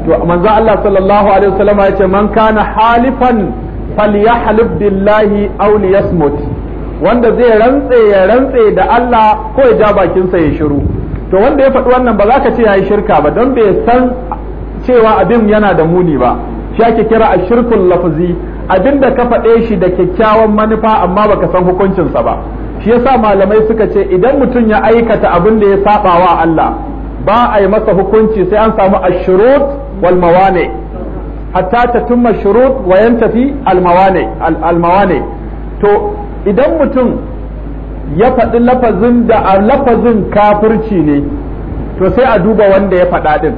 to manzo Allah sallallahu alaihi wasallam ya ce man kana halifan falyahlib billahi aw liyasmut wanda zai rantse ya rantse da Allah ko ya ja bakinsa ya shiru to wanda ya faɗi wannan ba za ka ce ya yi shirka ba don bai san cewa abin yana da muni ba shi ake kira a shirkun lafazi abin da ka faɗe shi da kyakkyawan manufa amma ba ka san hukuncinsa ba shi yasa malamai suka ce idan mutum ya aikata abin da ya saba wa Allah ba a yi masa hukunci sai an samu ashurut wal mawani hatta ta tumma shurut wa yantafi al mawani al to idan mutum ya faɗi lafazin da a lafazin kafirci ne to sai a duba wanda ya faɗa ɗin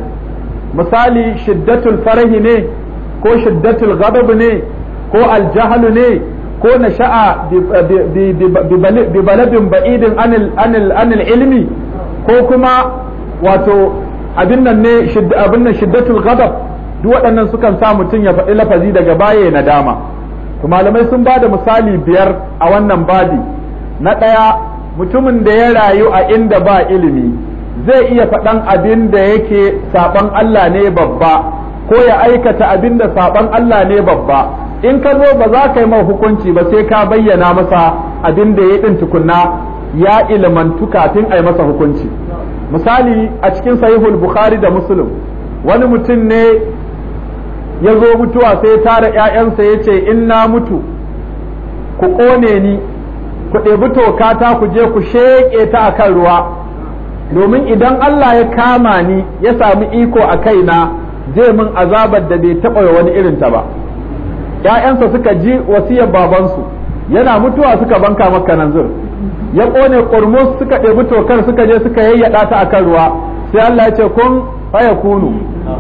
misali shiddatul farahi ne ko shiddatul ghadab ne ko aljahalu ne ko nasha'a bi baladin ba'idin anil ilmi ko kuma wato abin nan ne abin nan shiddatul ghadab duk waɗannan sukan sa mutum ya faɗi lafazi daga baya na dama to malamai sun ba da misali biyar a wannan babi na ɗaya mutumin da ya rayu a inda ba ilimi zai iya faɗan abin da yake saɓan Allah ne babba ko ya aikata abin da saɓan Allah ne babba in ka zo ba za ka yi mai hukunci ba sai ka bayyana masa abin da ya ɗin tukunna ya ilimantu kafin a yi masa hukunci misali a cikin sahihul bukhari da muslim wani mutum ne ya zo mutuwa sai tara ‘ya'yansa ya ce in na mutu ku ƙone ni ku ɗebi toka ta ku je ku sheƙe ta a kan ruwa domin idan Allah ya kama ni ya sami iko a kai na zai min azabar da bai taɓa wani irin ta ba ‘ya'yansa suka ji wasiyar babansu yana mutuwa suka banka maka zur ya ƙone ƙormus suka ɗebi tokar suka je suka yayyaɗa ta a kan ruwa sai Allah ya ce kun faya kunu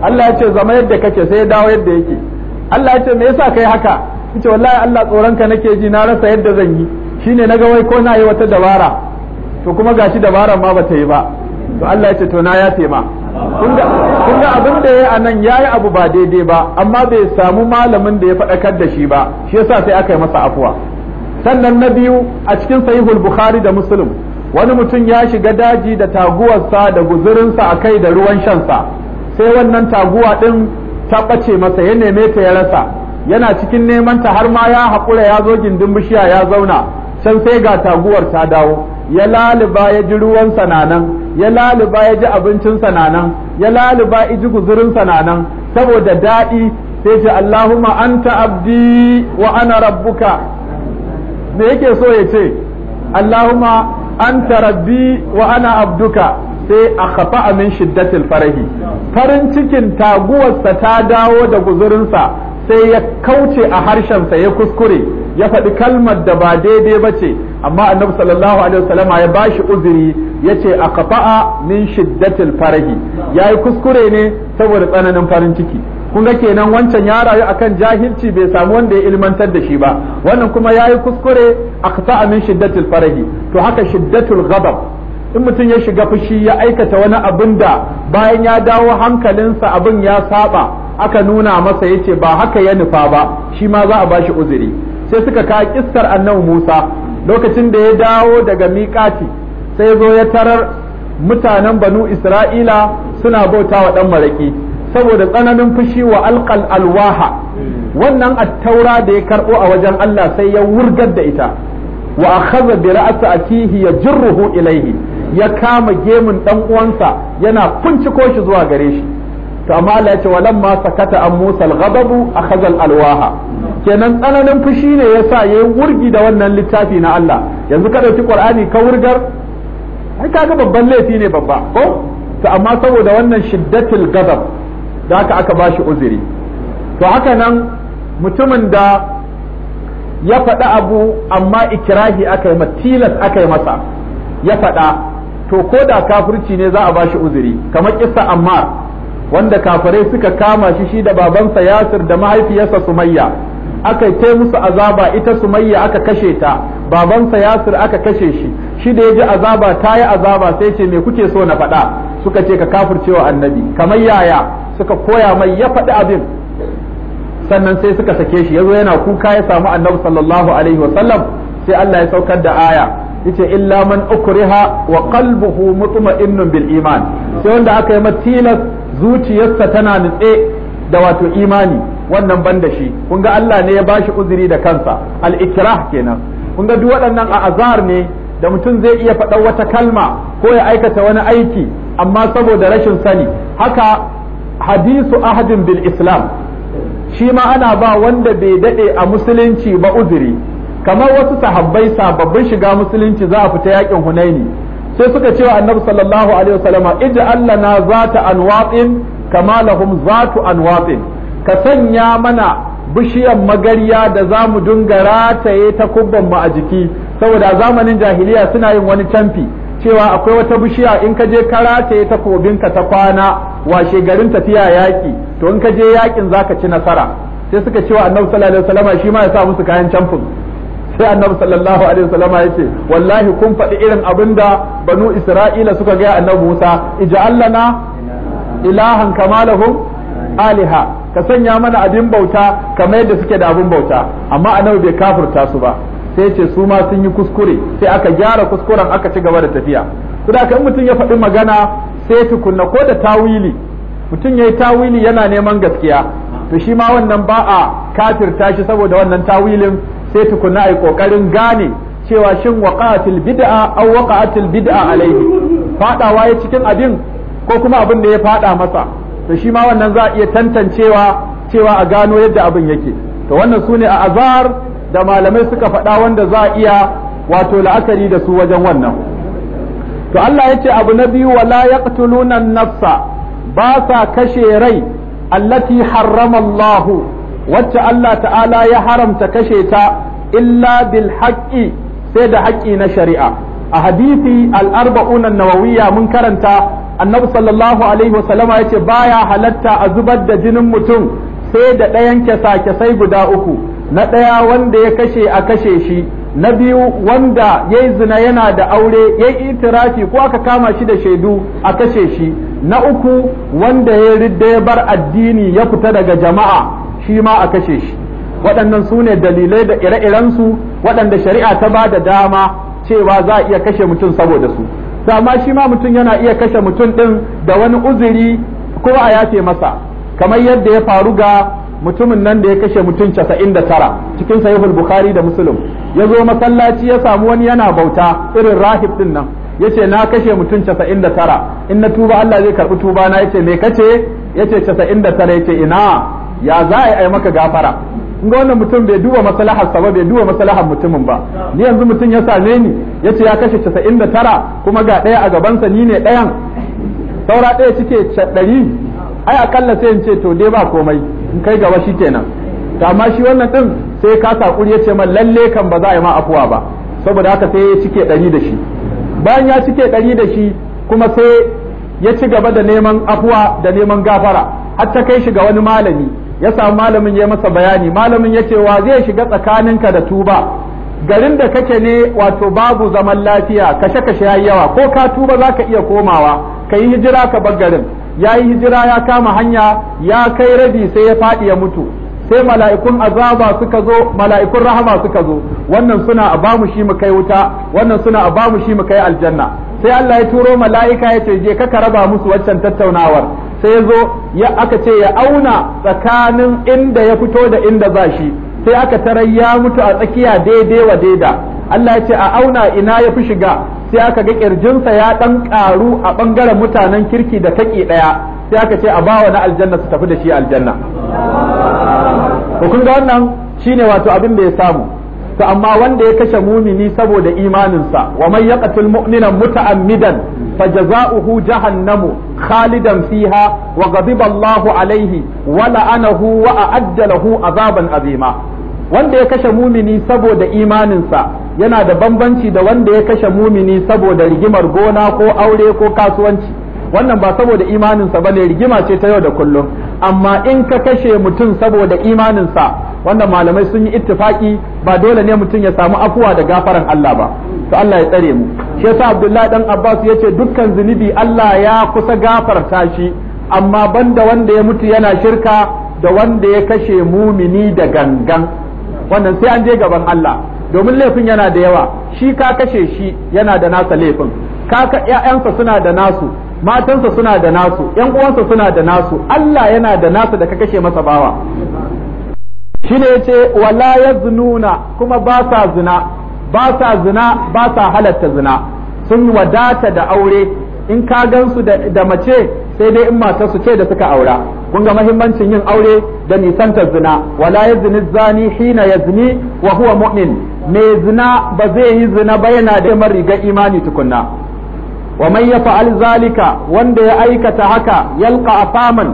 Allah ya ce zama yadda kake sai ya dawo yadda yake Allah ya ce me yasa kai haka ce wallahi Allah tsoronka nake ji na rasa yadda zan yi Shi ne na ga wai ko na yi wata dabara to kuma shi dabaran ma bata yi ba to Allah ya ce to na ce ma kun ga abin da ya yi a nan ya yi abu ba daidai ba amma bai samu malamin da ya faɗakar da shi ba shi yasa sai aka yi masa afuwa sannan na biyu a cikin sahihul bukhari da muslim wani mutum ya shiga daji da taguwarsa da guzurinsa a kai da ruwan shansa sai wannan taguwa din ta ɓace masa ya neme ta ya rasa yana cikin neman ta har ma ya haƙura ya zo gindin bishiya ya zauna can sai ga taguwar ta dawo ya laliba ya ji ruwan sananan ya laliba ya ji abincin sananan ya laliba ya ji guzurin sananan saboda daɗi sai ce Allahumma anta abdi wa ana rabbuka me yake so ya ce Allahumma anta rabbi wa ana abduka sai a kafa min shiddatil farahi farin cikin taguwarsa ta dawo da guzurinsa sai ya kauce a harshensa ya kuskure ya faɗi kalmar da ba daidai ba ce amma annabi sallallahu alaihi wasallama ya bashi uzuri ya ce a kafa'a min shiddatil farahi ya yi kuskure ne saboda tsananin farin ciki kun ga kenan wancan ya rayu akan jahilci bai samu wanda ya ilmantar da shi ba wannan kuma ya yi kuskure a kafa'a min shiddatil farahi to haka shiddatul ghadab in mutum ya shiga fushi ya aikata wani abin da bayan ya dawo hankalinsa abin ya saba aka nuna masa yace ba haka ya nufa ba shi ma za a bashi uzuri sai suka ka kissar annabi Musa lokacin da ya dawo daga miƙati sai zo ya tarar mutanen banu Isra'ila suna bauta wa ɗan maraƙi saboda tsananin fushi wa alƙal alwaha wannan attaura da ya karɓo a wajen Allah sai ya wurgar da ita wa akhadha bi ra'si akihi yajruhu ilayhi ya kama gemun dan uwansa yana kunci koshi zuwa gare shi to amma Allah ya ce sakata an Musa al-ghadabu akhadha al-alwaha kenan tsananin fushi ne yasa yayi wurgi da wannan littafi na Allah yanzu ka dauki Qur'ani ka wurgar ai kaga babban laifi ne babba ko to amma saboda wannan shiddatul ghadab da haka aka bashi uzuri to haka nan mutumin da ya faɗi abu amma ikirahi aka yi tilas aka yi masa ya faɗa to ko da kafirci ne za a bashi uzuri kamar kisa ammar wanda kafirai suka kama shi shi da babansa Yasir da mahaifiyarsa Sumayya aka kai musu azaba ita Sumayya aka kashe ta babansa Yasir aka kashe shi shi da ya ji azaba ta yi azaba sai ce me kuke so na faɗa suka ce ka kafircewa annabi kamar yaya suka koya mai ya faɗi abin sannan sai suka sake shi yazo yana kuka ya samu annabi sallallahu alaihi wa sallam sai Allah ya saukar da aya yace illa man ukriha wa qalbuhu mutma'innun bil iman sai wanda aka yi matilas zuciyarsa tana nutse da wato imani wannan ban da shi kun ga Allah ne ya bashi uzuri da kansa al ikrah kenan kun ga duk waɗannan a azar ne da mutum zai iya faɗa wata kalma ko ya aikata wani aiki amma saboda rashin sani haka hadisu ahadin bil islam shi ma ana ba wanda bai daɗe a musulunci ba uzuri kamar wasu sahabbai sababbin shiga musulunci za a fita yakin hunaini sai suka cewa annabi sallallahu alaihi wasallama ij'al lana zata anwaqin kama lahum zatu anwaqin ka sanya mana bishiyar magariya da zamu dinga rataye ta kubban mu a jiki saboda zamanin jahiliya suna yin wani canfi cewa akwai wata bishiya in ka je ka rataye ta ka ta kwana washe garin tafiya yaki to in ka je yakin zaka ci nasara sai suka cewa annabi sallallahu alaihi wasallama shi ma ya sa musu kayan canfin sai annabi sallallahu alaihi wasallam ya ce wallahi kun faɗi irin da banu isra'ila suka ga annabi Musa ij'al lana ilahan kamalahum aliha ka sanya mana abin bauta kamar yadda suke da abin bauta amma annabi bai kafirta su ba sai ce su ma sun yi kuskure sai aka gyara kuskuren aka ci gaba da tafiya kuma kan mutum ya faɗi magana sai tukunna ko da tawili mutum yayi tawili yana neman gaskiya to shi ma wannan ba a kafirta shi saboda wannan tawilin sai tukuna ai kokarin gane cewa shin waqa'atil bid'a aw waqa'atil bid'a alaihi fadawa ya cikin abin ko kuma abin da ya fada masa to shi ma wannan za a iya tantancewa cewa a gano yadda abin yake to wannan sune a azar da malamai suka faɗa wanda za a iya wato la'akari da su wajen wannan to Allah ya ce abu na biyu wala yaqtuluna nafsa ba sa kashe rai allati harrama Allahu wacce Allah ta'ala ya haramta kashe ta illa bil sai da haƙƙi na shari'a a hadisi al-arba'un an-nawawiyya mun karanta annabi sallallahu alaihi ce yace baya halatta a zubar da jinin mutum sai da ɗayan kyasa-kyasai guda uku na ɗaya wanda ya kashe a kashe shi na biyu wanda ya yi zina yana da aure ya yi itirafi ko aka kama shi da shaidu a kashe shi na uku wanda ya ridda ya bar addini ya fita daga jama'a shi ma a kashe shi waɗannan su ne dalilai da ire-irensu waɗanda shari'a ta ba da dama cewa za a iya kashe mutum saboda su dama shi ma mutum yana iya kashe mutum ɗin da wani uzuri ko a yafe masa kamar yadda ya faru ga mutumin nan da ya kashe mutum casa'in da tara cikin sahihul bukhari da musulun, ya zo masallaci ya samu wani yana bauta irin rahib ɗin nan ya ce na kashe mutum casa'in da tara in na tuba Allah zai karɓi tuba na ya ce me kace ya ce casa'in da tara ya ce ina ya za a yi maka gafara in ga wannan mutum bai duba masalahar sa ba bai duba maslahar mutumin ba ni yanzu mutum ya same ni ya ce ya kashe casa'in da tara. kuma ga ɗaya a gabansa ni ne ɗayan saura ɗaya cike ɗari. ai akalla sai in ce to dai ba komai in kai gaba shi kenan amma shi wannan ɗin sai ka ya ce man lalle kan ba za a yi ma afuwa ba saboda haka sai ya cike ɗari da shi bayan ya cike ɗari da shi kuma sai ya ci gaba da neman afuwa da neman gafara har ta kai shi ga wani malami ya samu malamin ya masa bayani malamin ya ce wa zai shiga tsakanin ka da tuba garin da kake ne wato babu zaman lafiya kashe kashe yayi yawa ko ka tuba za ka iya komawa ka yi hijira ka bar garin ya yi hijira ya kama hanya ya kai rabi sai ya faɗi ya mutu sai mala'ikun azaba suka zo mala'ikun rahama suka zo wannan suna a bamu shi mu kai wuta wannan suna a bamu shi mu kai aljanna sai Allah ya turo mala'ika ya ce je ka raba musu waccan tattaunawar sai ya zo ya aka ce ya auna tsakanin inda ya fito da inda za shi sai aka tarar ya mutu a tsakiya daidai wa daida Allah ya ce a auna ina ya fi shiga sai aka ga kirjinsa ya dan karu a bangaren mutanen kirki da taki daya sai aka ce a bawa na aljanna su tafi da shi aljanna to kun ga wannan shine wato abin da ya samu to amma wanda ya kashe mumini saboda imaninsa wa man yaqtul mu'mina muta'ammidan fajaza'uhu jahannamu khalidan fiha wa ghadiba Allahu alaihi wa la'anahu wa a'adda lahu azaban azima wanda ya kashe mumini saboda imaninsa yana da bambanci da wanda ya kashe mumini saboda rigimar gona ko aure ko kasuwanci wannan ba saboda imaninsa bane rigima ce ta yau da kullum amma in ka kashe mutum saboda imaninsa wannan malamai sun yi ittifaki ba dole ne mutum ya samu afuwa da gafaran Allah ba to Allah ya tsare mu shi yasa Abdullahi dan Abbas ya ce dukkan zunubi Allah ya kusa gafarta shi amma banda wanda ya mutu yana shirka da wanda ya kashe mumini da gangan wannan sai an je gaban Allah domin laifin yana da yawa shi ka kashe shi yana da nasa laifin ka ƴaƴansa suna da nasu matansa suna da nasu yan uwansa suna da nasu Allah yana da nasu da ka kashe masa bawa shine ce, wala yaznuna kuma ba sa zina ba sa zina ba sa halatta zina sun wadata da aure in ka gansu da mace sai dai in matarsu ce da suka aura kun ga mahimmancin yin aure da nisanta zina wala yazni zani hina yazni wa huwa mu'min mai zina ba zai yi zina ba yana da riga imani tukunna wa man yaf'al zalika wanda ya aikata haka yalqa afaman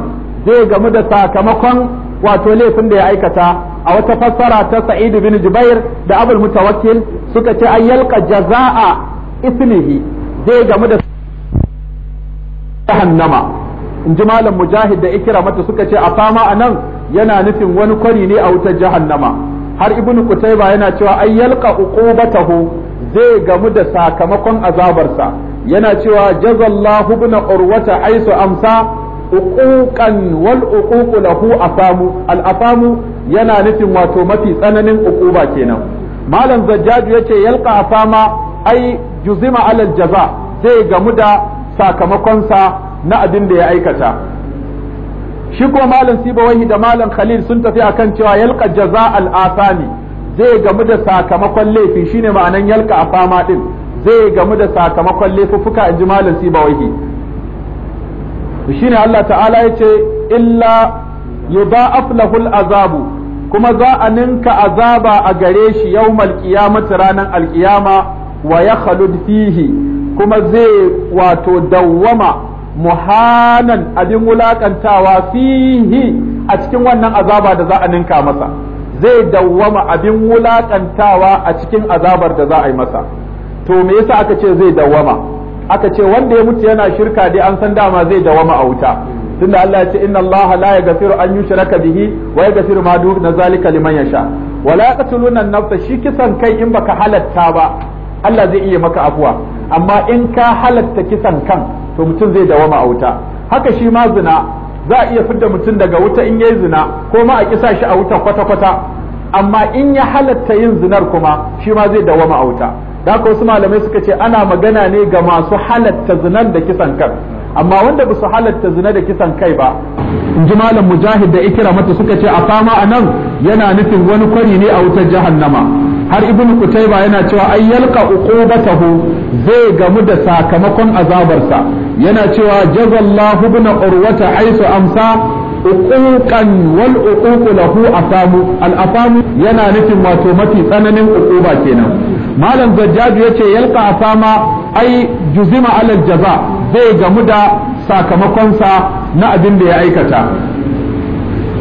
zai gamu da sakamakon wato laifin da ya aikata a wata fassara ta Sa'id bin Jubair da Abul Mutawakkil suka ce ay yalqa a ismihi zai gamu da jahannama in ji malam mujahid da ikira mata suka ce afama anan yana nufin wani kwari ne a wutar jahannama har ibnu kutaiba yana cewa ay yalqa uqubatahu zai gamu da sakamakon azabarsa yana cewa jazallahu ibn urwata aisu amsa uquqan wal uququ lahu afamu al afamu yana nufin wato mafi tsananin ukuba kenan malam zajjaju yace yalqa afama ai juzima alal jaza zai gamu da sakamakonsa na abin da ya aikata shi ko malam sibawahi da malam khalil sun tafi akan cewa yalqa jaza al asami zai gamu da sakamakon laifi shine ma'anan yalka afama din zai gamu da sakamakon laifuffuka in ji malam sibawahi shine Allah ta'ala ya ce illa yudha'af aflahul azabu kuma za a ninka azaba a gare shi yau qiyamati ranar alkiyama wa ya yakhlud fihi kuma zai wato dawwama muhanan abin wulakantawa fihi a cikin wannan azaba da za a ninka masa zai dawwama abin wulakantawa a cikin azabar da za a yi masa to me yasa aka ce zai dawwama aka ce wanda ya mutu yana shirka dai an san dama zai dawwama a wuta tunda Allah ya ce inna Allah la yaghfiru an yushraka bihi wa yaghfiru ma duna zalika liman yasha wala yaqtuluna an-nafsa shi kisan kai in baka halatta ba Allah zai iya maka afuwa amma in ka halatta kisan kan to mutum zai dawama a wuta haka shi ma zina za a iya fidda mutum daga wuta in yayi zina ko ma a kisa shi a wuta kwata kwata amma in ya halatta yin zinar kuma shi ma zai dawama a wuta da ko su malamai suka ce ana magana ne ga masu halatta zinan da kisan kan amma wanda ba su halatta zina da kisan kai ba in ji malam mujahid da ikira mata suka ce a fama a nan yana nufin wani kwari ne a wutar jahannama har ibn kutaiba yana cewa ay yalqa uqubatahu zai gamu da sakamakon azabarsa yana cewa jazallahu ibn urwata aisu amsa uqukan wal uquq lahu afamu al afamu yana nufin wato mafi tsananin uquba kenan malam zajjaju ya ce yalka asama ai juzima alal jaza zai gamu da sakamakonsa na abin da ya aikata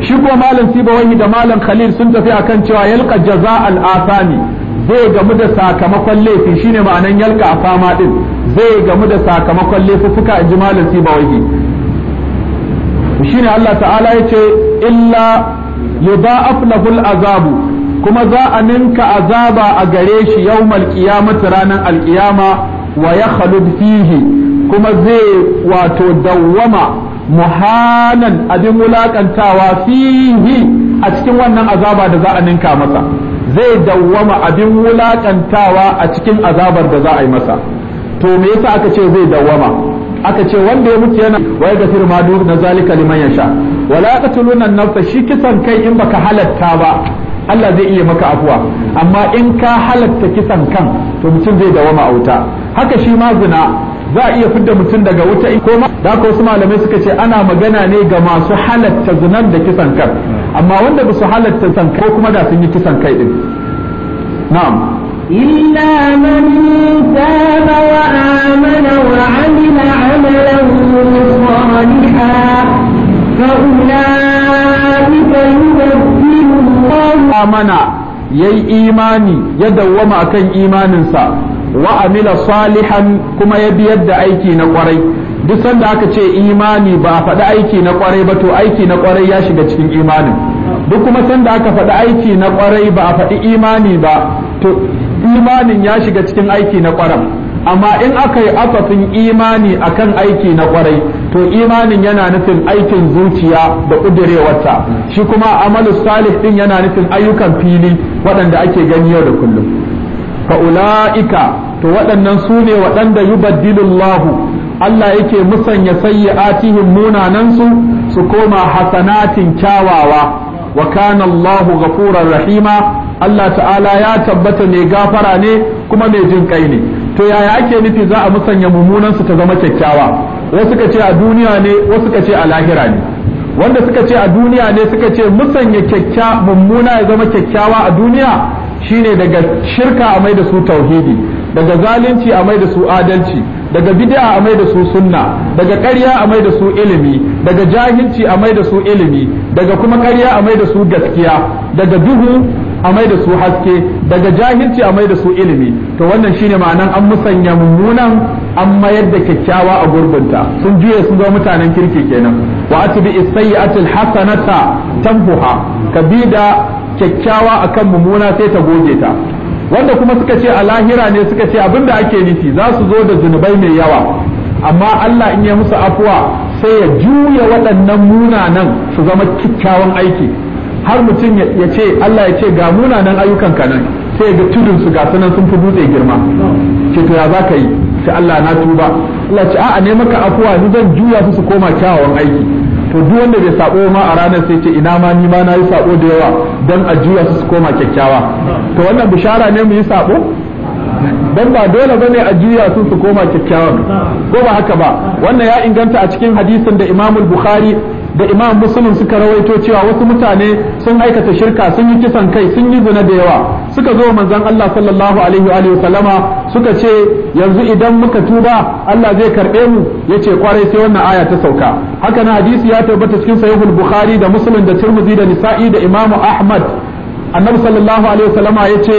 shi ko malam wani da malam khalil sun tafi akan cewa yalka jaza al asami zai gamu da sakamakon laifi shine ma'anan yalka a fama din zai gamu da sakamakon laifuffuka in ji malam sibawahi shine Allah ta'ala ya ce illa yudha'af aflahul azabu kuma za a ninka azaba a gare shi yawmal qiyamati ranar alkiyama wa ya fihi kuma zai wato dawwama muhanan abin wulaƙantawa fihi a cikin wannan azaba da za a ninka masa zai dawwama abin wulaƙantawa a cikin azabar da za a yi masa to me yasa aka ce zai dawwama aka ce wanda ya mutu yana waya ga firma na zalika liman yasha wala yaqtuluna nafsa shi kisan kai in baka halatta ba Allah zai iya maka afuwa amma in ka halatta kisan kan to mutum zai dawama a wuta haka shi ma zina za a iya fidda mutum daga wuta in koma da haka wasu malamai suka ce ana magana ne ga masu halatta zinan da kisan kan amma wanda ba su halatta kisan kai kuma da sun yi kisan kai din na'am إلا من تاب وآمن وعمل عملا صالحا فأولئك يبدل Allah mana yayi imani ya dawwama akan imaninsa wa amila salihan kuma ya biyar da aiki na kwarai duk sanda aka ce imani ba a faɗi aiki na kwarai ba to aiki na kwarai ya shiga cikin imanin duk kuma sanda aka faɗi aiki na kwarai ba a faɗi imani ba to imanin ya shiga cikin aiki na kwarai amma in aka yi afafin imani akan aiki na kwarai to imanin yana nufin aikin zuciya da kudurewarsa shi kuma amalu salih ɗin yana nufin ayyukan fili waɗanda ake gani yau da kullum fa ula'ika to waɗannan su ne waɗanda yubaddilullahu Allah yake musanya sayyi'atihim munanansu su koma hasanatin kyawawa wa kana Allahu ghafurur rahima Allah ta'ala ya tabbata ne gafara ne kuma mai jin kai ne to yaya ake nufi za a musanya mummunan su ta zama kyakkyawa wasu suka ce a duniya ne wasu suka ce a lahira ne wanda suka ce a duniya ne suka ce musanya kyakkya mummuna ya zama kyakkyawa a duniya shine daga shirka a mai da su tauhidi daga zalunci a mai da su adalci daga bid'a a mai da su sunna daga ƙarya a mai da su ilimi daga jahilci a mai da su ilimi daga kuma ƙarya a mai da su gaskiya daga duhu a mai da su haske daga jahilci a mai da su ilimi to wannan shine ma'anan an musanya mummunan an mayar da kyakkyawa a gurbinta sun juye sun zama mutanen kirki kenan wa atbi as-sayyi'atil hasanata tamhuha kabida kyakkyawa akan mummuna sai ta goge ta wanda kuma suka ce a lahira ne suka ce abinda ake nufi za su zo da zunubai mai yawa amma Allah in ya musu afuwa sai ya juya waɗannan munanan su zama kyakkyawan aiki har mutum ya ce Allah ya ce ga munanan ayyukan ka nan sai ga tudun su ga sunan sun fi dutse girma ce to ya zaka yi sai Allah na tuba Allah ce a'a ne maka afuwa ni zan juya su su koma kyawawan aiki to duk wanda bai sabo ma a ranar sai ce ina ma ni ma na yi sabo da yawa dan a juya su su koma kyakkyawa to wannan bishara ne mu yi sabo don ba dole bane a juya su su koma kyakkyawan ko ba haka ba wannan ya inganta a cikin hadisin da imamul Bukhari da Imam Muslim suka rawaito cewa wasu mutane sun aikata shirka sun yi kisan kai sun yi zina da yawa suka zo manzon Allah sallallahu alaihi wa sallama suka ce yanzu idan muka tuba Allah zai karbe mu yace kwarai sai wannan aya ta sauka haka na hadisi ya tabbata cikin sahihul Bukhari da Muslim da Tirmidhi da Nisa'i da Imam Ahmad annabi sallallahu alaihi wasallama yace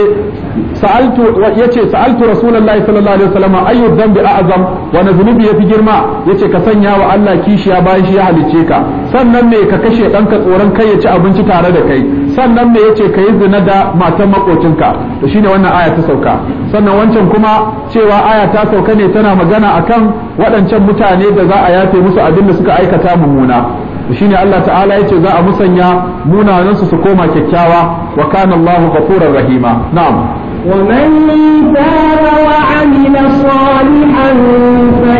sa'altu yace sa'altu rasulullahi sallallahu alaihi wasallama ayyu dhanbi a'zam wa zunubi yafi girma yace ka sanya wa Allah kishiya bayan shi ya halicce ka sannan me ka kashe ɗanka tsoron kai ya ci abinci tare da kai sannan me yace ka yi zina da matan makocinka to shine wannan aya ta sauka sannan wancan kuma cewa aya ta sauka ne tana magana akan waɗancan mutane da za a yafe musu abin da suka aikata mummuna shine Allah ta'ala yace za a musanya munanan su su koma kyakkyawa wa kana Allahu ghafurur rahima na'am wa man taba wa amila salihan fa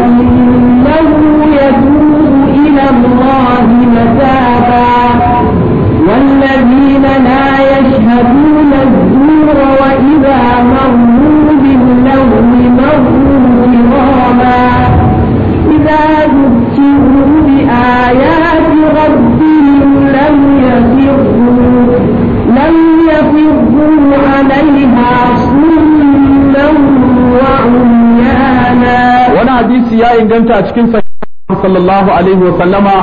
cikin sahihan sallallahu alaihi wa sallama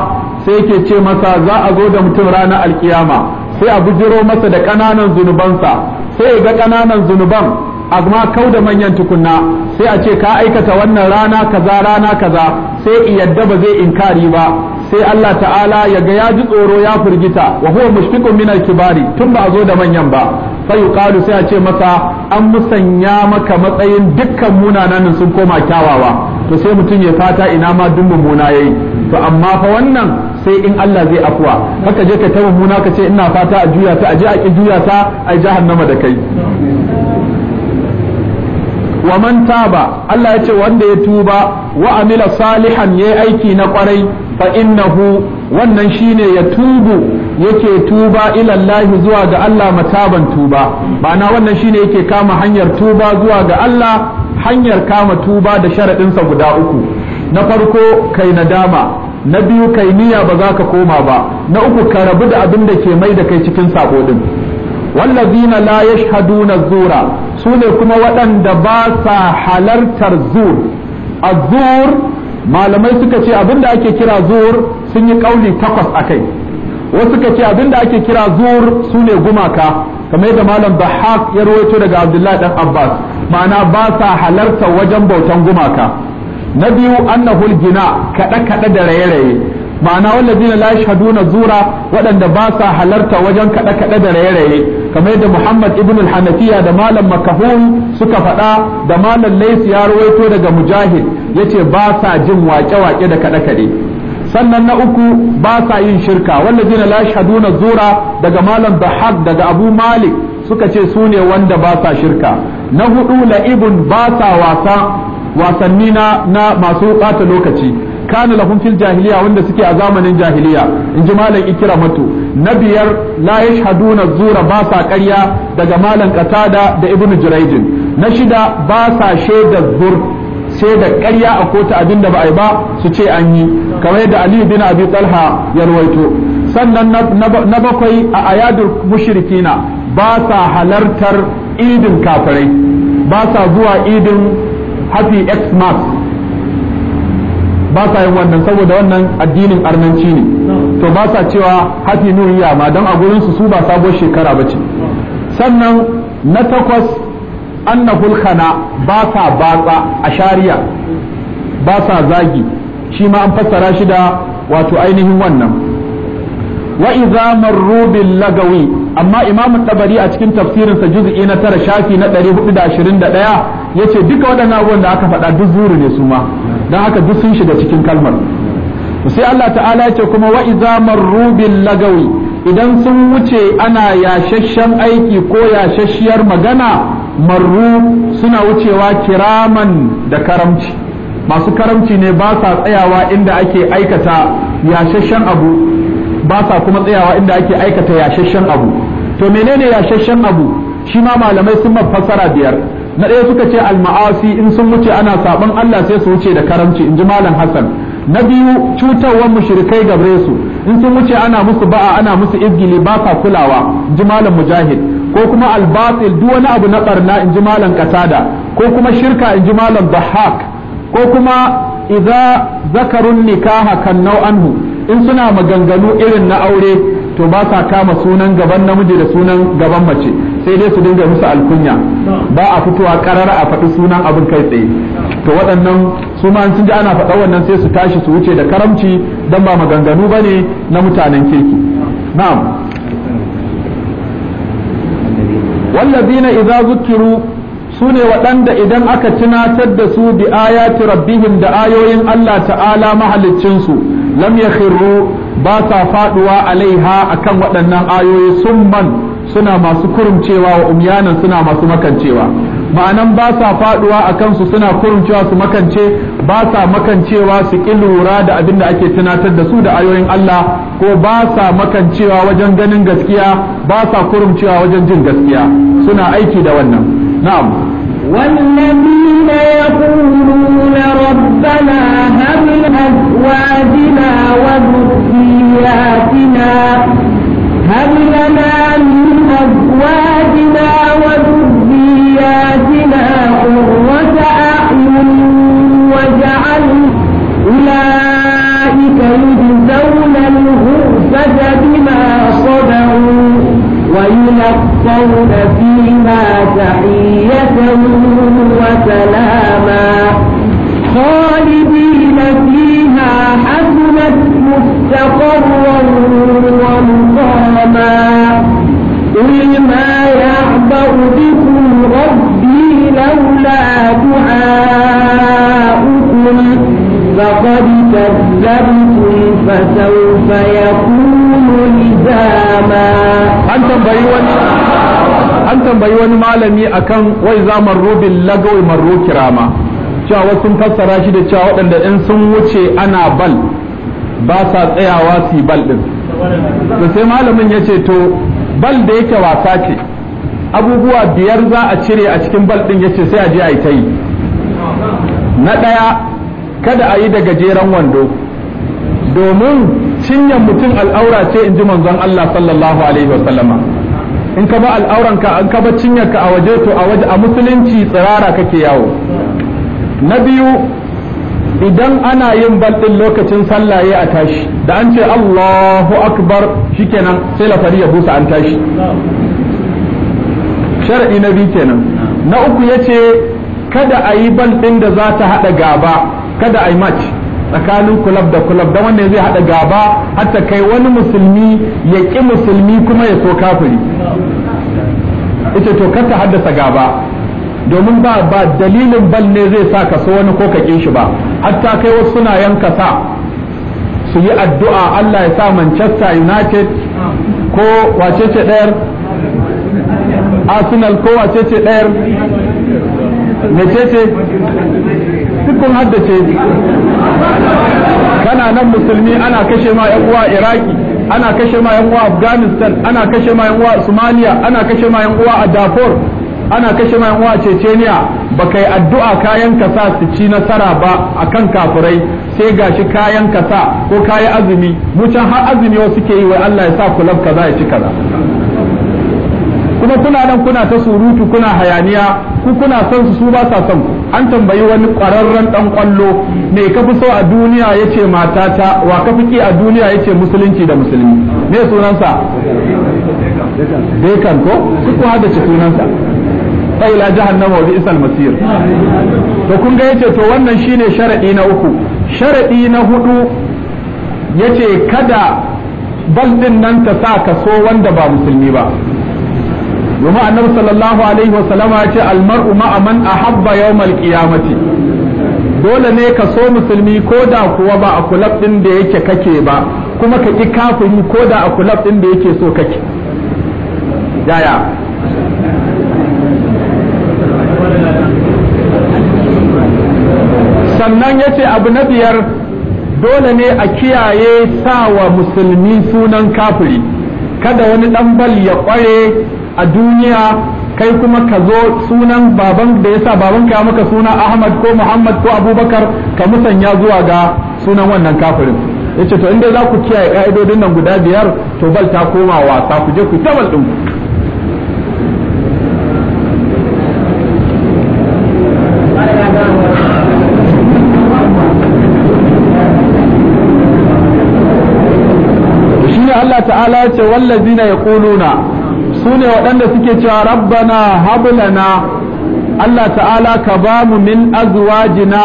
sai yake ce masa za a zo da mutum ranar alkiyama sai a bujiro masa da ƙananan zunubansa sai ya ga ƙananan zunuban amma kau da manyan tukunna sai a ce ka aikata wannan rana kaza rana kaza sai yadda ba zai inkari ba sai Allah ta'ala ya ga ya ji tsoro ya firgita wa huwa mushfiqun min al-kibari tun ba a zo da manyan ba sai yuqalu sai a ce masa an musanya maka matsayin dukkan munanan sun koma kyawawa to sai mutum ya fata ina ma duk mummuna yayi to amma fa wannan sai in Allah zai afuwa haka je ka ta mummuna ka ce ina fata a juya ta a je a ki juya ta a jahannama da kai wa man taba Allah ya ce wanda ya tuba wa amila salihan yayi aiki na kwarai fa innahu wannan shine ya tubu yake tuba ilallahi zuwa ga Allah mataban tuba ma'ana wannan shine yake kama hanyar tuba zuwa ga Allah hanyar kama tuba da sharaɗinsa guda uku na farko kai nadama na biyu kai niyya ba za ka koma ba na uku ka rabu da abin da ke mai da kai cikin sabo din wallazina la yashhaduna zura su ne kuma waɗanda ba sa halartar zur azur malamai suka ce abin da ake kira zur sun yi kauli takwas a kai, wasu suka ce abin da ake kira zur ne gumaka kamar yadda malam Bahaq ya ruwaito daga Abdullahi dan Abbas ma'ana ba sa halarta wajen bautan gumaka na biyu annahu gina kada kada da raye-raye ma'ana wallazina la yashhaduna zura waɗanda ba sa halarta wajen kada kada da raye-raye kamar yadda Muhammad ibn al-Hanafiya da malam Makahun suka faɗa da malam Lais ya ruwaito daga Mujahid yace ba sa jin waƙe-waƙe da kada kaɗe sannan na uku ba sa yin shirka wanda zina la shaduna zura daga malam bahaq daga abu malik suka ce su ne wanda ba sa shirka na hudu la'ibun ba sa wasa wasanni na na masu bata lokaci kana lahum fil jahiliya wanda suke a zamanin jahiliya in ji malam ikramatu na biyar la yashhaduna zura ba sa ƙarya daga malam qatada da ibnu juraidin na shida ba sa shaida zur shaida ƙarya a kotu abin da ba a yi ba su ce an yi kamar da aliyu bin abi talha ya ruwaito sannan na bakwai a ayadul mushrikina ba sa halartar idin kafirai ba sa zuwa idin happy xmas ba sa yin wannan saboda wannan addinin arnanci ne to ba sa cewa happy new year ma don a gurinsu su ba sabuwar shekara ba ce sannan na takwas anna hulkana ba sa batsa a shari'a ba sa zagi shi ma an fassara shi da wato ainihin wannan wa idza marru bil lagawi amma imamu tabari a cikin tafsirin sa juz'i na tara shafi na 421 yace duka waɗannan abubuwan da aka faɗa duk zuri ne su ma dan haka duk sun shiga cikin kalmar sai Allah ta'ala yace kuma wa idza marru bil lagawi idan sun wuce ana yashashshen aiki ko yashashiyar magana marru suna wucewa kiraman da karamci masu karamci ne ba sa tsayawa inda ake aikata yashashen abu ba sa kuma tsayawa inda ake aikata yashashen abu to menene yashashen abu shi ma malamai sun fassara biyar na ɗaya suka ce al-ma'asi in sun wuce ana saɓon Allah sai su wuce da karamci in ji malam Hassan na biyu cutarwar mushrikai gabre su in sun wuce ana musu ba'a ana musu izgili ba ka kulawa ji malam mujahid ko kuma albatil duk wani abu na barna in ji malam katada ko kuma shirka in ji malam bahak ko kuma idza zakarun nikaha kan nau'anhu in suna maganganu irin na aure to ba sa kama sunan gaban namiji da sunan gaban mace sai dai su dinga musu alkunya ba a fitowa karara a faɗi sunan abin kai tsaye to waɗannan su ma sun ji ana faɗa wannan sai su tashi su wuce da karamci don ba maganganu ne na mutanen kirki na'am wallazina idza zukiru sune waɗanda idan aka tunatar da su bi ayati rabbihim da ayoyin Allah ta'ala su lam yakhiru ba sa faduwa alaiha akan waɗannan ayoyi man suna masu kurumcewa wa umyanan suna masu makancewa ma'anan ba sa faduwa a kansu suna kurumcewa su makance ba sa makancewa su ƙi lura da abin da ake tunatar da su da ayoyin Allah ko ba sa makancewa wajen ganin gaskiya ba sa kurumcewa wajen jin gaskiya suna aiki da wannan na'am والذين يقولون ربنا هب أزواجنا وذرياتنا ذرياتنا هب لنا من أزواجنا وذرياتنا قرة أعين واجعل أولئك يجزون الغرفة بما صدروا ويلقون فيما تحية وسلاما خالدين فيها مستقرا ومقاما قل ما يعبأ بكم ربي لولا an tambayi wani malami akan wai za marro bil lagawi marro kirama cewa wasu fassara shi da cewa waɗanda in sun wuce ana bal ba sa tsayawa su bal ɗin. da sai malamin ya ce to bal da yake wasa ce abubuwa biyar za a cire a cikin bal ya ce sai a je a yi ta yi na ɗaya kada a yi da gajeren wando domin cinyan mutum al'aura ce in ji manzon Allah sallallahu alaihi wasallama in ka ba al'auranka in ka ba ka a waje to a waje a musulunci tsirara kake yawo na biyu idan ana yin baldin lokacin sallaye a tashi da an ce Allahu akbar shikenan sai lafari ya busa an tashi shar'i na biyu kenan na uku yace kada a yi baldin da za ta haɗa gaba kada a yi match tsakanin kulab da kulab da wanda zai haɗa gaba hatta kai wani musulmi ya ki musulmi kuma ya so kafiri ita to kar ta haddasa gaba domin ba ba dalilin bal ne zai sa ka so wani ko ka ƙi shi ba hatta kai wasu suna yanka sa su yi addu'a Allah ya sa Manchester United ko wacece ɗayar Arsenal ko wacece ɗayar mecece dukkan haddace kana nan musulmi ana kashe ma yan uwa iraki ana kashe ma yan uwa afghanistan ana kashe ma yan uwa somalia ana kashe ma yan uwa a darfur ana kashe mai uwa ceceniya ba yi addu'a kayan ka sa su ci nasara ba a kan kafirai sai gashi kayan ka sa ko kayi azumi mu can har azumi wasu ke yi wai Allah ya sa kulab kaza ya ci kaza kuma kuna nan kuna ta surutu kuna hayaniya ku kuna son su su ba sa son an tambayi wani kwararren dan kwallo me ka fi so a duniya yace matata wa ka fi ki a duniya yace musulunci da musulmi me sunansa Dekan ko ku hada sunansa wa ila jahannama wa bi'sal masir to kun ga yace to wannan shine sharadi na uku sharadi na hudu yace kada bal din nan ta sa ka so wanda ba musulmi ba domin annabi sallallahu alaihi wasallama yace al mar'u ma man ahabba yawmal qiyamati dole ne ka so musulmi ko da kuwa ba a kulab din da yake kake ba kuma ka ki kafiri ko da a kulab din da yake so kake jaya. sannan ya ce abu na biyar dole ne a kiyaye sawa musulmi sunan kafiri kada wani ɗan bal ya ƙware a duniya kai kuma ka zo sunan baban da ya sa baban ka maka suna ahmad ko muhammad ko abubakar ka musanya zuwa ga sunan wannan kafirin ya ce to inda za ku kiyaye ƙa'idodin nan guda biyar to bal ta koma wasa ku je ku tabal ɗin Allah ta'ala ya ce wallazina yaquluna sune waɗanda suke cewa rabbana hablana Allah ta'ala ka ba mu min azwajina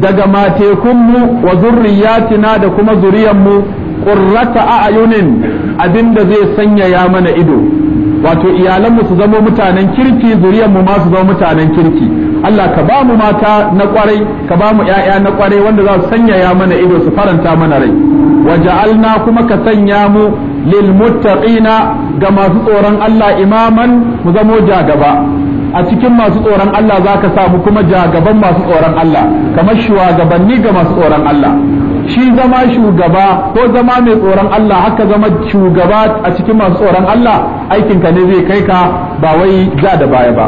daga matekunmu wa zurriyatina da kuma zuriyanmu qurrata a'yunin abinda zai sanyaya mana ido wato iyalanmu su zama mutanen kirki zuriyanmu ma su zama mutanen kirki Allah ka ba mu mata na kwarai ka ba mu ƴaƴa na kwarai wanda za su sanyaya mana ido su faranta mana rai ja'alna kuma ka sanya mu lil muttaqina ga masu tsoron Allah imaman mu zamo jagaba a cikin masu tsoron Allah za ka samu kuma jagaban masu tsoron Allah kamar shugabanni ga masu tsoron Allah shi zama shugaba ko zama mai tsoron Allah haka zama shugaba a cikin masu tsoron Allah aikinka ne zai kai ka ba wai ja da baya ba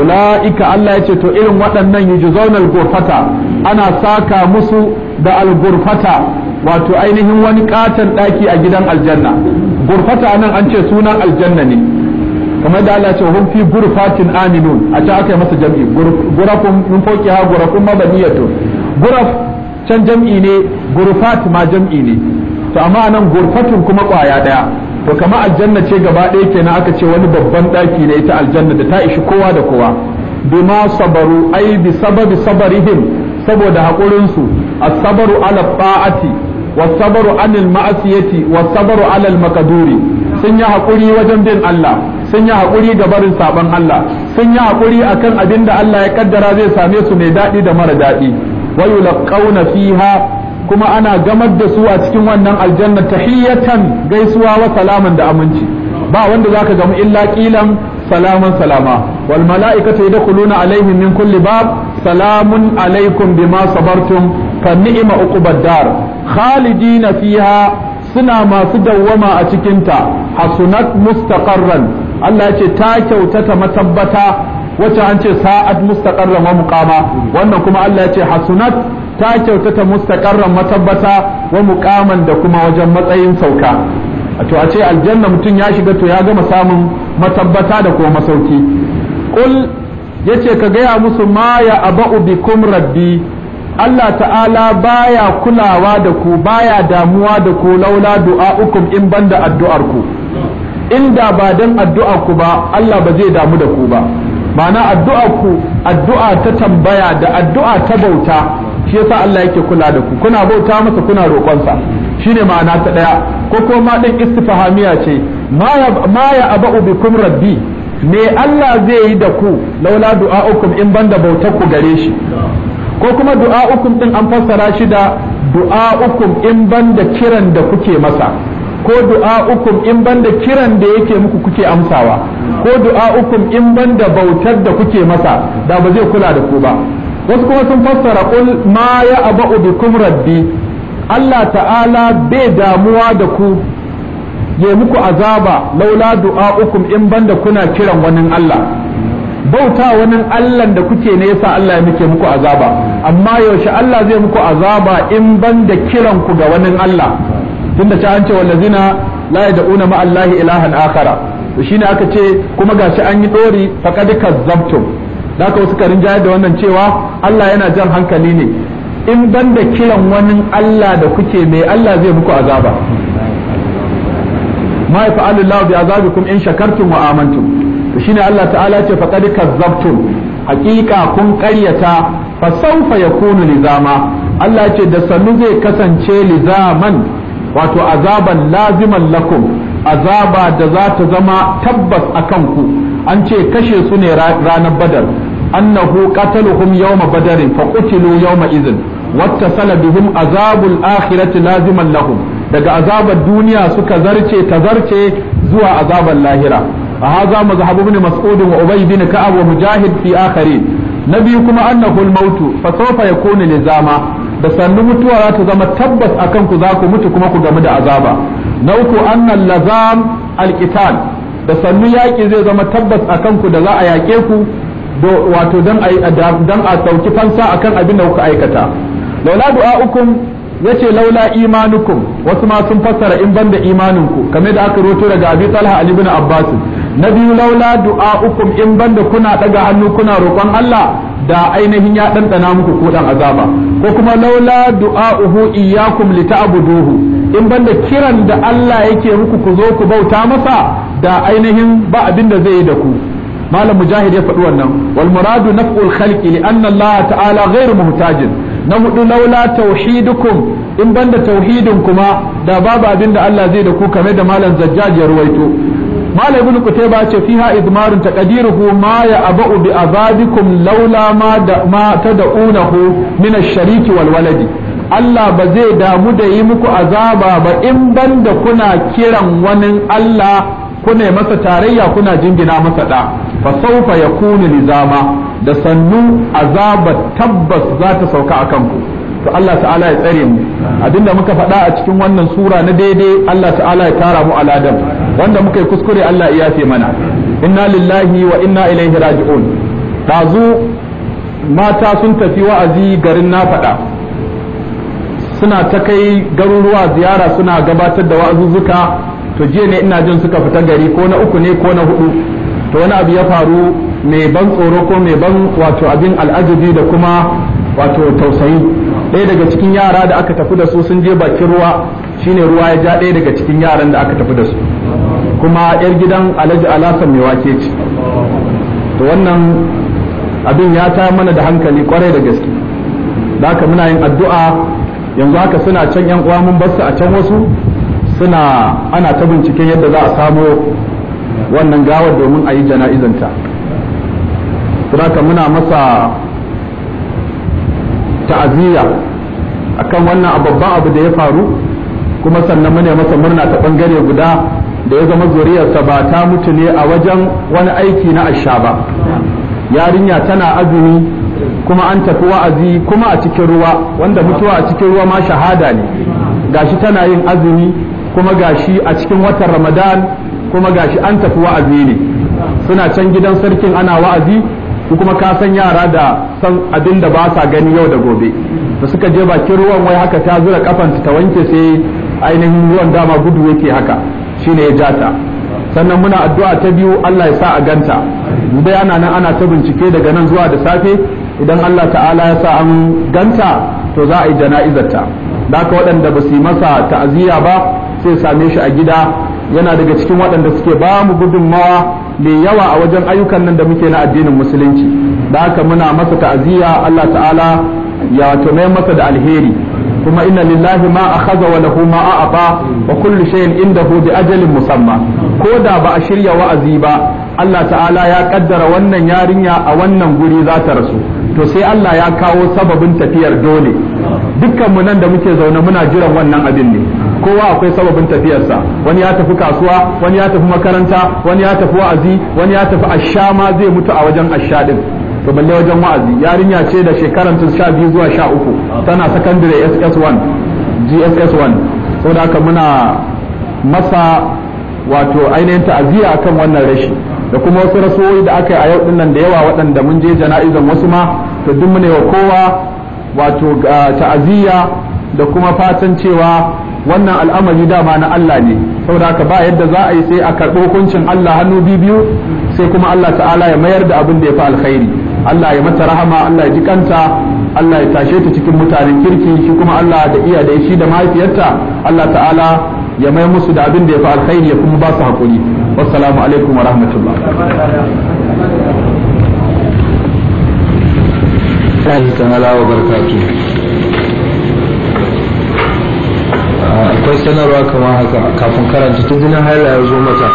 ula'ika Allah ya ce to irin waɗannan yujzaun zaunar gurfata ana saka musu da al'gurfata wato ainihin wani katon ɗaki a gidan aljanna gurfata nan an ce sunan aljanna ne kamar da Allah ya ce hum fi gurfatin aminun a ta aka yi masa jam'i gurafun foki ha gurafun mabaniyatu guraf can jam'i ne gurfat ma jam'i ne to amma nan gurfatun kuma kwaya daya to kama aljanna ce gaba ɗaya kenan aka ce wani babban ɗaki ne ita aljanna da ta ishi kowa da kowa bima sabaru ai bi sababi sabarihim saboda haƙurinsu as-sabaru ala ta'ati was-sabaru anil ma'asiyati was-sabaru ala al-makaduri sun yi haƙuri wajen bin Allah sun yi haƙuri ga barin saban Allah sun yi haƙuri akan abin da Allah ya kaddara zai same su mai daɗi da mara daɗi wa yulqauna fiha kuma ana gamar da su a cikin wannan aljanna tahiyatan gaisuwa wa salaman da aminci ba wanda zaka gamu illa kilan salaman salama wal mala'ikatu yadkhuluna alaihim min kulli bab salamun alaikum bima sabartum fa ni'ma uqubad dar khalidina fiha suna masu dawwama a cikinta hasunat mustaqarran Allah ya ce ta kyautata matabbata wacce an ce sa'ad mustaqarran wa muqama wannan kuma Allah ya ce hasunat ta kyautata mustaqarran matabbata wa muqaman da kuma wajen matsayin sauka to a ce aljanna mutum ya shiga to ya gama samun matabbata da kuma masauki qul yace ka gaya musu ma ya aba'u bikum rabbi Allah ta'ala baya kulawa da ku baya damuwa da ku laula du'a'ukum in banda addu'ar ku inda ba dan addu'ar ku ba Allah ba zai damu da ku ba ma'ana addu'a ku addu'a ta tambaya da addu'a ta bauta shi yasa Allah yake kula da ku kuna bauta masa kuna roƙonsa shine ma'ana ta ɗaya ko kuma din istifahamiya ce ma ya abu bikum rabbi me Allah zai yi da ku laula du'a du'a'ukum in banda bautar ku gare shi ko kuma du'a uku ɗin an fassara shi da du'a'ukum in banda kiran da kuke masa ko du'a ukum in banda kiran da yake muku kuke amsawa ko du'a ukum in banda bautar da kuke masa da ba zai kula da ku ba wasu kuma sun fassara kul ma ya aba'u bikum rabbi Allah ta'ala bai damuwa da ku ya muku azaba laula du'a ukum in banda kuna kiran wani Allah bauta wani Allah da kuke ne yasa Allah ya muke muku azaba amma yaushe Allah zai muku azaba in banda kiran ku ga wani Allah tunda ta an ce wallazina la yad'una ma allahi ilahan akara to shine aka ce kuma gashi an yi dori faqad kazzabtum haka wasu karin jayar da wannan cewa Allah yana jan hankali ne in ban da kiran wani Allah da kuke mai Allah zai muku azaba ma ya fa'alu Allah bi azabikum in shakartum wa amantum to shine Allah ta'ala ce faqad kazzabtum haqiqa kun qaryata fa sawfa yakunu lizama Allah ce da sanu zai kasance lizaman wato azaban laziman lakum azaba da za ta zama tabbas a kanku an ce kashe su ne ranar badar annahu qataluhum yawma badarin fa qutilu yawma idhin watta bihim azabul akhirati laziman lahum daga azabar duniya suka zarce ta zarce zuwa azabar lahira هذا مذهب ابن مسعود وأبي بن كعب ومجاهد في kuma نبي كما أنه fa ya يكون nizama. da sannu mutuwa za ta zama tabbas a kanku za ku mutu kuma ku gamu da azaba na uku annan lazam alqital da sannu yaƙi zai zama tabbas a kanku da za a yaƙe ku wato don a sauki fansa a kan abin da kuka aikata laula du'a'ukum ce laula imanukum wasu ma sun fassara in banda imaninku kamar da aka roto daga Abi Talha alibin abbasin na biyu laula du'a uku in banda kuna daga hannu kuna roƙon Allah da ainihin ya ɗanɗana muku ɗan azaba ko kuma laula du'a'uhu abu lita'buduhu in banda kiran da Allah yake muku ku zo ku bauta masa da ainihin ba abin da zai yi da ku malam mujahid ya faɗi wannan wal muradu naf'ul khalqi li anna Allah ta'ala ghairu muhtajin na hudu laula tauhidukum in banda tauhidin kuma da babu abin da Allah zai da ku kame da malam zajjaj ya ruwaito malam ibn kutayba ce fiha idmarun taqdiruhu ma ya abu bi azabikum laula ma da ma tad'unahu min ash-shariki wal waladi Allah ba zai damu da yi muku azaba ba in banda kuna kiran wani Allah kuna masa tarayya kuna jingina masa da fa sawfa yakunu lizama da sannu azaba tabbas za ta sauka akan ku to Allah ta'ala ya tsare mu abinda muka faɗa a cikin wannan sura na daidai Allah ta'ala ya tara mu aladam wanda muka yi kuskure Allah ya ce mana inna lillahi wa inna ilaihi raji'un dazu mata sun tafi wa'azi garin na faɗa suna ta kai garuruwa ziyara suna gabatar da wa'azuzzuka to jiya ne ina jin suka fita gari ko na uku ne ko na hudu to wani abu ya faru mai ban tsoro ko mai ban wato abin al'ajabi da kuma wato tausayi ɗaya daga cikin yara da aka tafi da su sun je bakin ruwa shine ruwa ya ja ɗaya daga cikin yaran da aka tafi da su kuma yar gidan alhaji alasan mai wake ce to wannan abin ya ta mana da hankali kwarai da gaske da ka muna yin addu'a yanzu haka suna can yan uwa mun basu a can wasu suna ana ta binciken yadda za a samo wannan gawar domin a yi jana'izanta ka muna masa ta'aziyya akan wannan babban abu da ya faru kuma sannan mune masa murna ta bangare guda da ya zama zuriyarsa ba ta mutu ne a wajen wani aiki na asha ba yarinya tana azumi kuma an tafi wa'azi kuma a cikin ruwa wanda mutuwa a cikin ruwa ma shahada ne gashi tana yin azumi kuma gashi a cikin watan ramadan kuma gashi an tafi wa'azi ne suna can gidan sarkin ana wa'azi kuma ka san yara da san abin da ba sa gani yau da gobe da suka je bakin ruwan wai haka ta zura kafanta ta wanke sai ainihin ruwan dama gudu yake haka shine ya jata sannan muna addu'a ta biyu Allah ya sa a ganta dai ana nan ana ta bincike daga nan zuwa da safe idan Allah ta'ala ya sa an ganta to za a yi jana'izarta da haka waɗanda ba su yi masa ta'aziyya ba sai same shi a gida yana daga cikin waɗanda suke ba mu gudunmawa mai yawa a wajen ayyukan nan da muke na addinin musulunci da haka muna masa ta'aziyya Allah ta'ala ya tunai masa da alheri kuma inna lillahi ma akhadha wa lahu ma a'ata wa kullu shay'in indahu bi ajalin musamma ko da ba a shirya wa'azi ba Allah ta'ala ya kaddara wannan yarinya a wannan guri za ta rasu to sai Allah ya kawo sababin tafiyar dole dukkan mu nan da muke zaune muna jiran wannan abin ne kowa akwai sababin tafiyarsa wani ya tafi kasuwa wani ya tafi makaranta wani ya tafi wa'azi wani ya tafi ashama zai mutu a wajen ashadin to balle wajen wa'azi yarinya ce da shekaran tun sha biyu zuwa sha uku tana secondary ss1 gss1 da haka muna masa wato ainihin ta'aziyya akan wannan rashi da kuma wasu rasuwoyi da aka yi a yau din nan da yawa waɗanda mun je jana'izan wasu ma to duk mu ne kowa wato ta'aziyya da kuma fatan cewa wannan al'amari dama na Allah ne saboda haka ba yadda za a yi sai a karɓo hukuncin Allah hannu biyu sai kuma Allah ta'ala ya mayar da abin da ya fi alkhairi Allah ya mata rahama Allah ya ji kanta Allah ya tashe ta cikin mutanen kirki shi kuma Allah da iya da shi da mahaifiyarta Allah ta'ala ya mai musu da abin da ya fi alkhairi ya kuma ba su hakuri wassalamu alaikum wa rahmatullah Allah ala wa barkatu. Ah, akwai sanarwa kamar haka kafin karanta ta jinin zo mata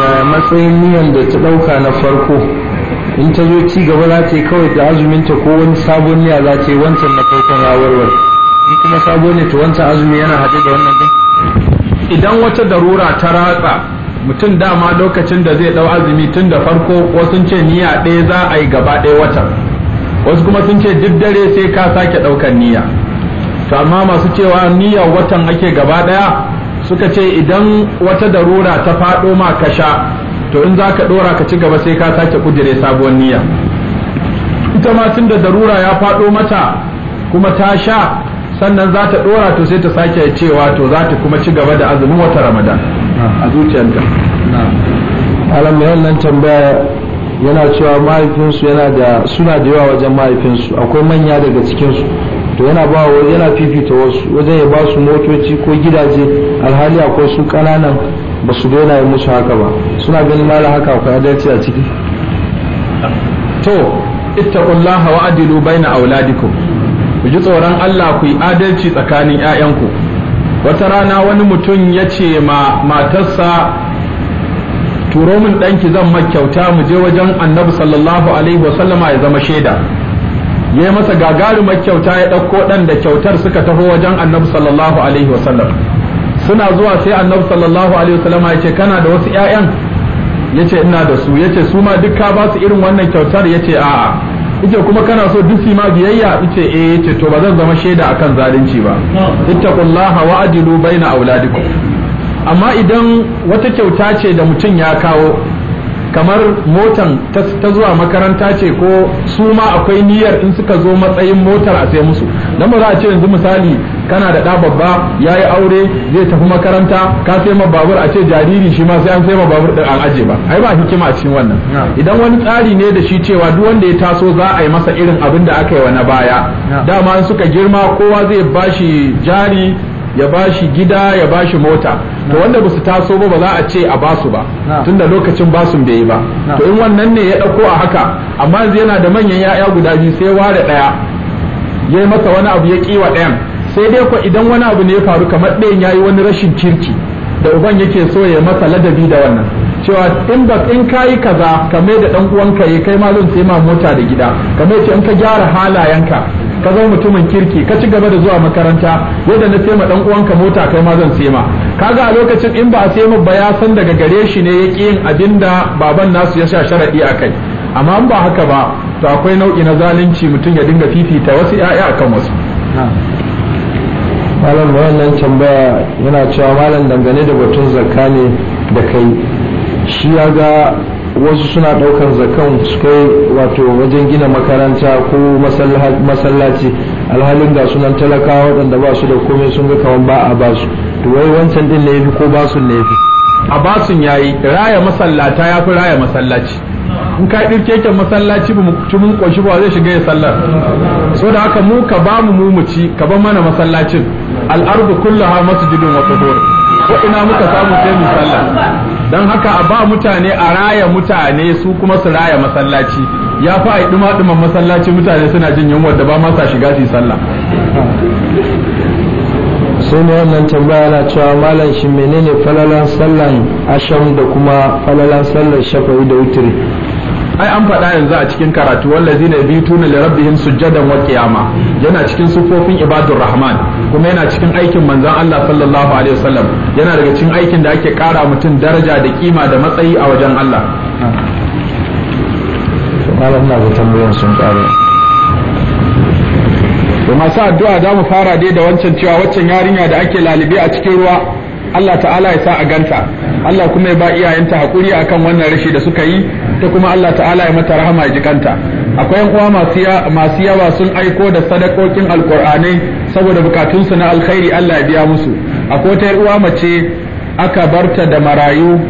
ya matsayin niyan da ta ɗauka na farko in ta zo ci gaba za ta yi kawai da azuminta ko wani sabon ya za ta yi wancan na farkon rawarwar in kuma sabon ne to wancan azumi yana haɗe da wannan din idan wata darura ta ratsa mutum dama lokacin da zai ɗau azumi tun da farko wasu ce niyya ɗaya za a yi gaba ɗaya watan wasu kuma sun ce duk dare sai ka sake ɗaukar niyya to amma masu cewa niyya watan ake gaba ɗaya suka ce idan wata darura ta faɗo ma ka sha to in za ka ɗora ka ci gaba sai ka sake kudire sabuwar niyya ita ma tun da darura ya faɗo mata kuma ta sha sannan za ta ɗora to sai ta sake cewa to za ta kuma ci gaba da azumin wata ramadan a zuciyarta alam wannan tambaya yana cewa mahaifinsu yana da suna da yawa wajen mahaifinsu akwai manya daga cikinsu to yana ba yana fifita wasu wajen ya ba su motoci ko gidaje alhali akwai su kananan ba su daina yin musu haka ba suna ganin mala haka akwai adalci a ciki to ittaqullaha wa adilu baina auladikum ku ji tsoron Allah ku yi adalci tsakanin ƴaƴanku wata rana wani mutum ya ce ma matarsa turo min danki zan makyauta mu je wajen annabi sallallahu alaihi wasallama ya zama shaida ya yi masa gagarumar kyauta ya ɗauko ɗan da kyautar suka taho wajen annabi sallallahu alaihi wasallam suna zuwa sai annabi sallallahu alaihi wasallam ya ce kana da wasu ƴaƴan yace ina da su yace su ma duk ka ba su irin wannan kyautar yace a'a yace kuma kana so duk su ma biyayya yace eh yace to ba zan zama shaida akan zalunci ba ittaqullaha wa adilu baina auladikum amma idan wata kyauta ce da mutum ya kawo kamar motan ta zuwa makaranta ce ko su ma akwai niyyar in suka zo matsayin motar a sai musu dan ba za a ce yanzu misali kana da ɗa babba ya yi aure zai tafi makaranta ka sai ma babur a ce jariri shi ma sai an sai ma babur ɗin an aje ba ai ba hikima a cikin wannan idan wani tsari ne da shi cewa duk wanda ya taso za a yi masa irin abin da aka yi wa na baya dama suka girma kowa zai bashi jari ya ba shi gida ya ba shi mota to wanda ba su taso ba ba za a ce a ba su ba tunda lokacin basun bai yi ba to in wannan ne ya dauko a haka amma yanzu yana da manyan ya'ya guda biyu sai ware daya ya yi masa wani abu ya kiwa ɗayan sai dai ko idan wani abu ne ya faru kamar ɗayan ya yi wani rashin kirki da uban yake so ya masa ladabi da wannan cewa in ba in kayi kaza kamar da dan uwanka ya kai ma zan sai ma mota da gida kamar yace in ka gyara halayenka ka zama mutumin kirki ka ci gaba da zuwa makaranta yadda na sema dan uwanka mota kai ma zan sema kaga a lokacin in ba a sema ba ya san daga gare shi ne yake yin abinda baban nasu ya sha sharadi akai amma in ba haka ba to akwai nau'i na zalunci mutum ya dinga fifita wasu ya'ya akan wasu malam wannan tambaya yana cewa malam dangane da batun zakka ne da kai shi ya ga wasu suna ɗaukan zakan su kai wato wajen gina makaranta ko masallaci alhalin ga sunan talakawa waɗanda ba su da komai sun ga kawan ba a ba su to wai wancan din laifi ko ba su laifi a ba su yi raya masallata ya fi raya masallaci in ka ɗirkeken masallaci ba mu mun ba zai shiga ya sallar so da haka mu ka ba mu mu ci ka ba mana masallacin al'ardu kullaha masjidun wa tuhur ko ina muka samu sai mu sallah dan haka a ba mutane a raya mutane su kuma su raya masallaci ya fa a duma duma masallaci mutane suna jin yunwa da ba ma sa shiga su sallah sai ne wannan tambaya na cewa malam shi menene falalan sallan asham da kuma falalan sallar shafa'i da witri ai an faɗa yanzu a cikin karatu wallazi na tuna na lirabbihim sujjadan wa qiyama yana cikin sufofin ibadur rahman kuma yana cikin aikin manzon Allah sallallahu alaihi wasallam yana daga cikin aikin da ake kara mutum daraja da kima da matsayi a wajen Allah da masu addu'a za fara dai da wancan cewa waccan yarinya da ake lalibe a cikin ruwa Allah ta'ala ya sa a ganta Allah kuma ya ba iyayenta hakuri akan wannan rashi da suka yi ta kuma Allah ta'ala ya mata rahama ya ji jikanta akwai yan uwa masu yawa sun aiko da sadakokin alkur'anai saboda bukatunsu na alkhairi Allah ya biya musu akwai ta uwa mace aka barta da marayu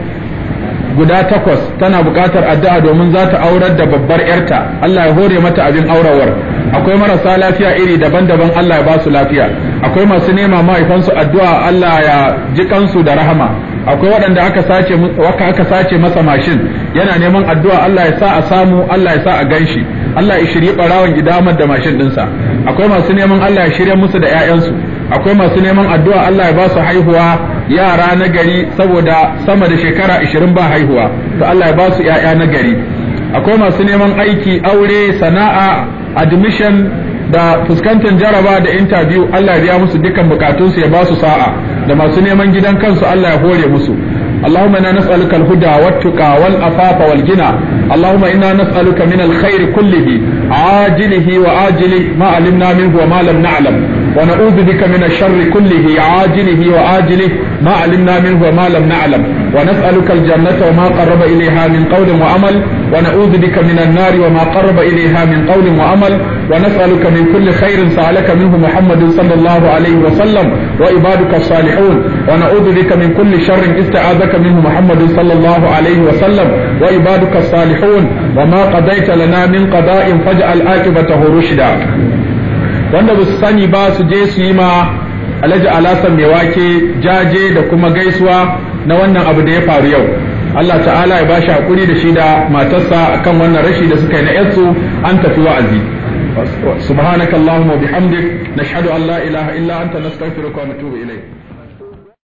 guda takwas tana bukatar addu'a domin za ta aurar da babbar yarta Allah ya hore mata abin aurawar akwai marasa lafiya iri daban-daban Allah ya ba su lafiya akwai masu nema mahaifansu addu'a Allah ya ji kansu da rahama akwai waɗanda aka sace waka aka sace masa mashin yana neman addu'a Allah ya sa a samu Allah ya sa a ganshi Allah ya shirye barawan gidamar da mashin ɗinsa akwai masu neman Allah ya shirye musu da ƴaƴansu akwai masu neman addu'a Allah ya ba su haihuwa yara na gari saboda sama da shekara 20 ba haihuwa to Allah ya ba su ƴaƴa na gari akwai masu neman aiki aure sana'a admission da fuskantar jaraba da interview Allah ya biya musu dukkan bukatunsu ya ba su sa'a da masu neman gidan kansu Allah ya hore musu اللهم انا نسالك الهدى والتقى والعفاف والغنى اللهم انا نسالك من الخير كله عاجله واجله ما علمنا منه وما لم نعلم ونعوذ بك من الشر كله عاجله واجله ما علمنا منه وما لم نعلم ونسالك الجنه وما قرب اليها من قول وعمل ونعوذ بك من النار وما قرب إليها من قول وعمل ونسألك من كل خير سألك منه محمد صلى الله عليه وسلم وعبادك الصالحون ونعوذ بك من كل شر استعاذك منه محمد صلى الله عليه وسلم وعبادك الصالحون وما قضيت لنا من قضاء فاجعل عاقبته رشدا wanda ba su sani ba su je su yi ma alhaji alasan mai wake jaje da kuma gaisuwa na wannan abu da ya faru yau Allah ta'ala ya ba shi hakuri da shi da matarsa kan wannan rashi da suka yi na yarsu an tafi wa'azi subhanakallahumma wa bihamdik nashhadu an la ilaha illa anta nastaghfiruka wa natubu ilayk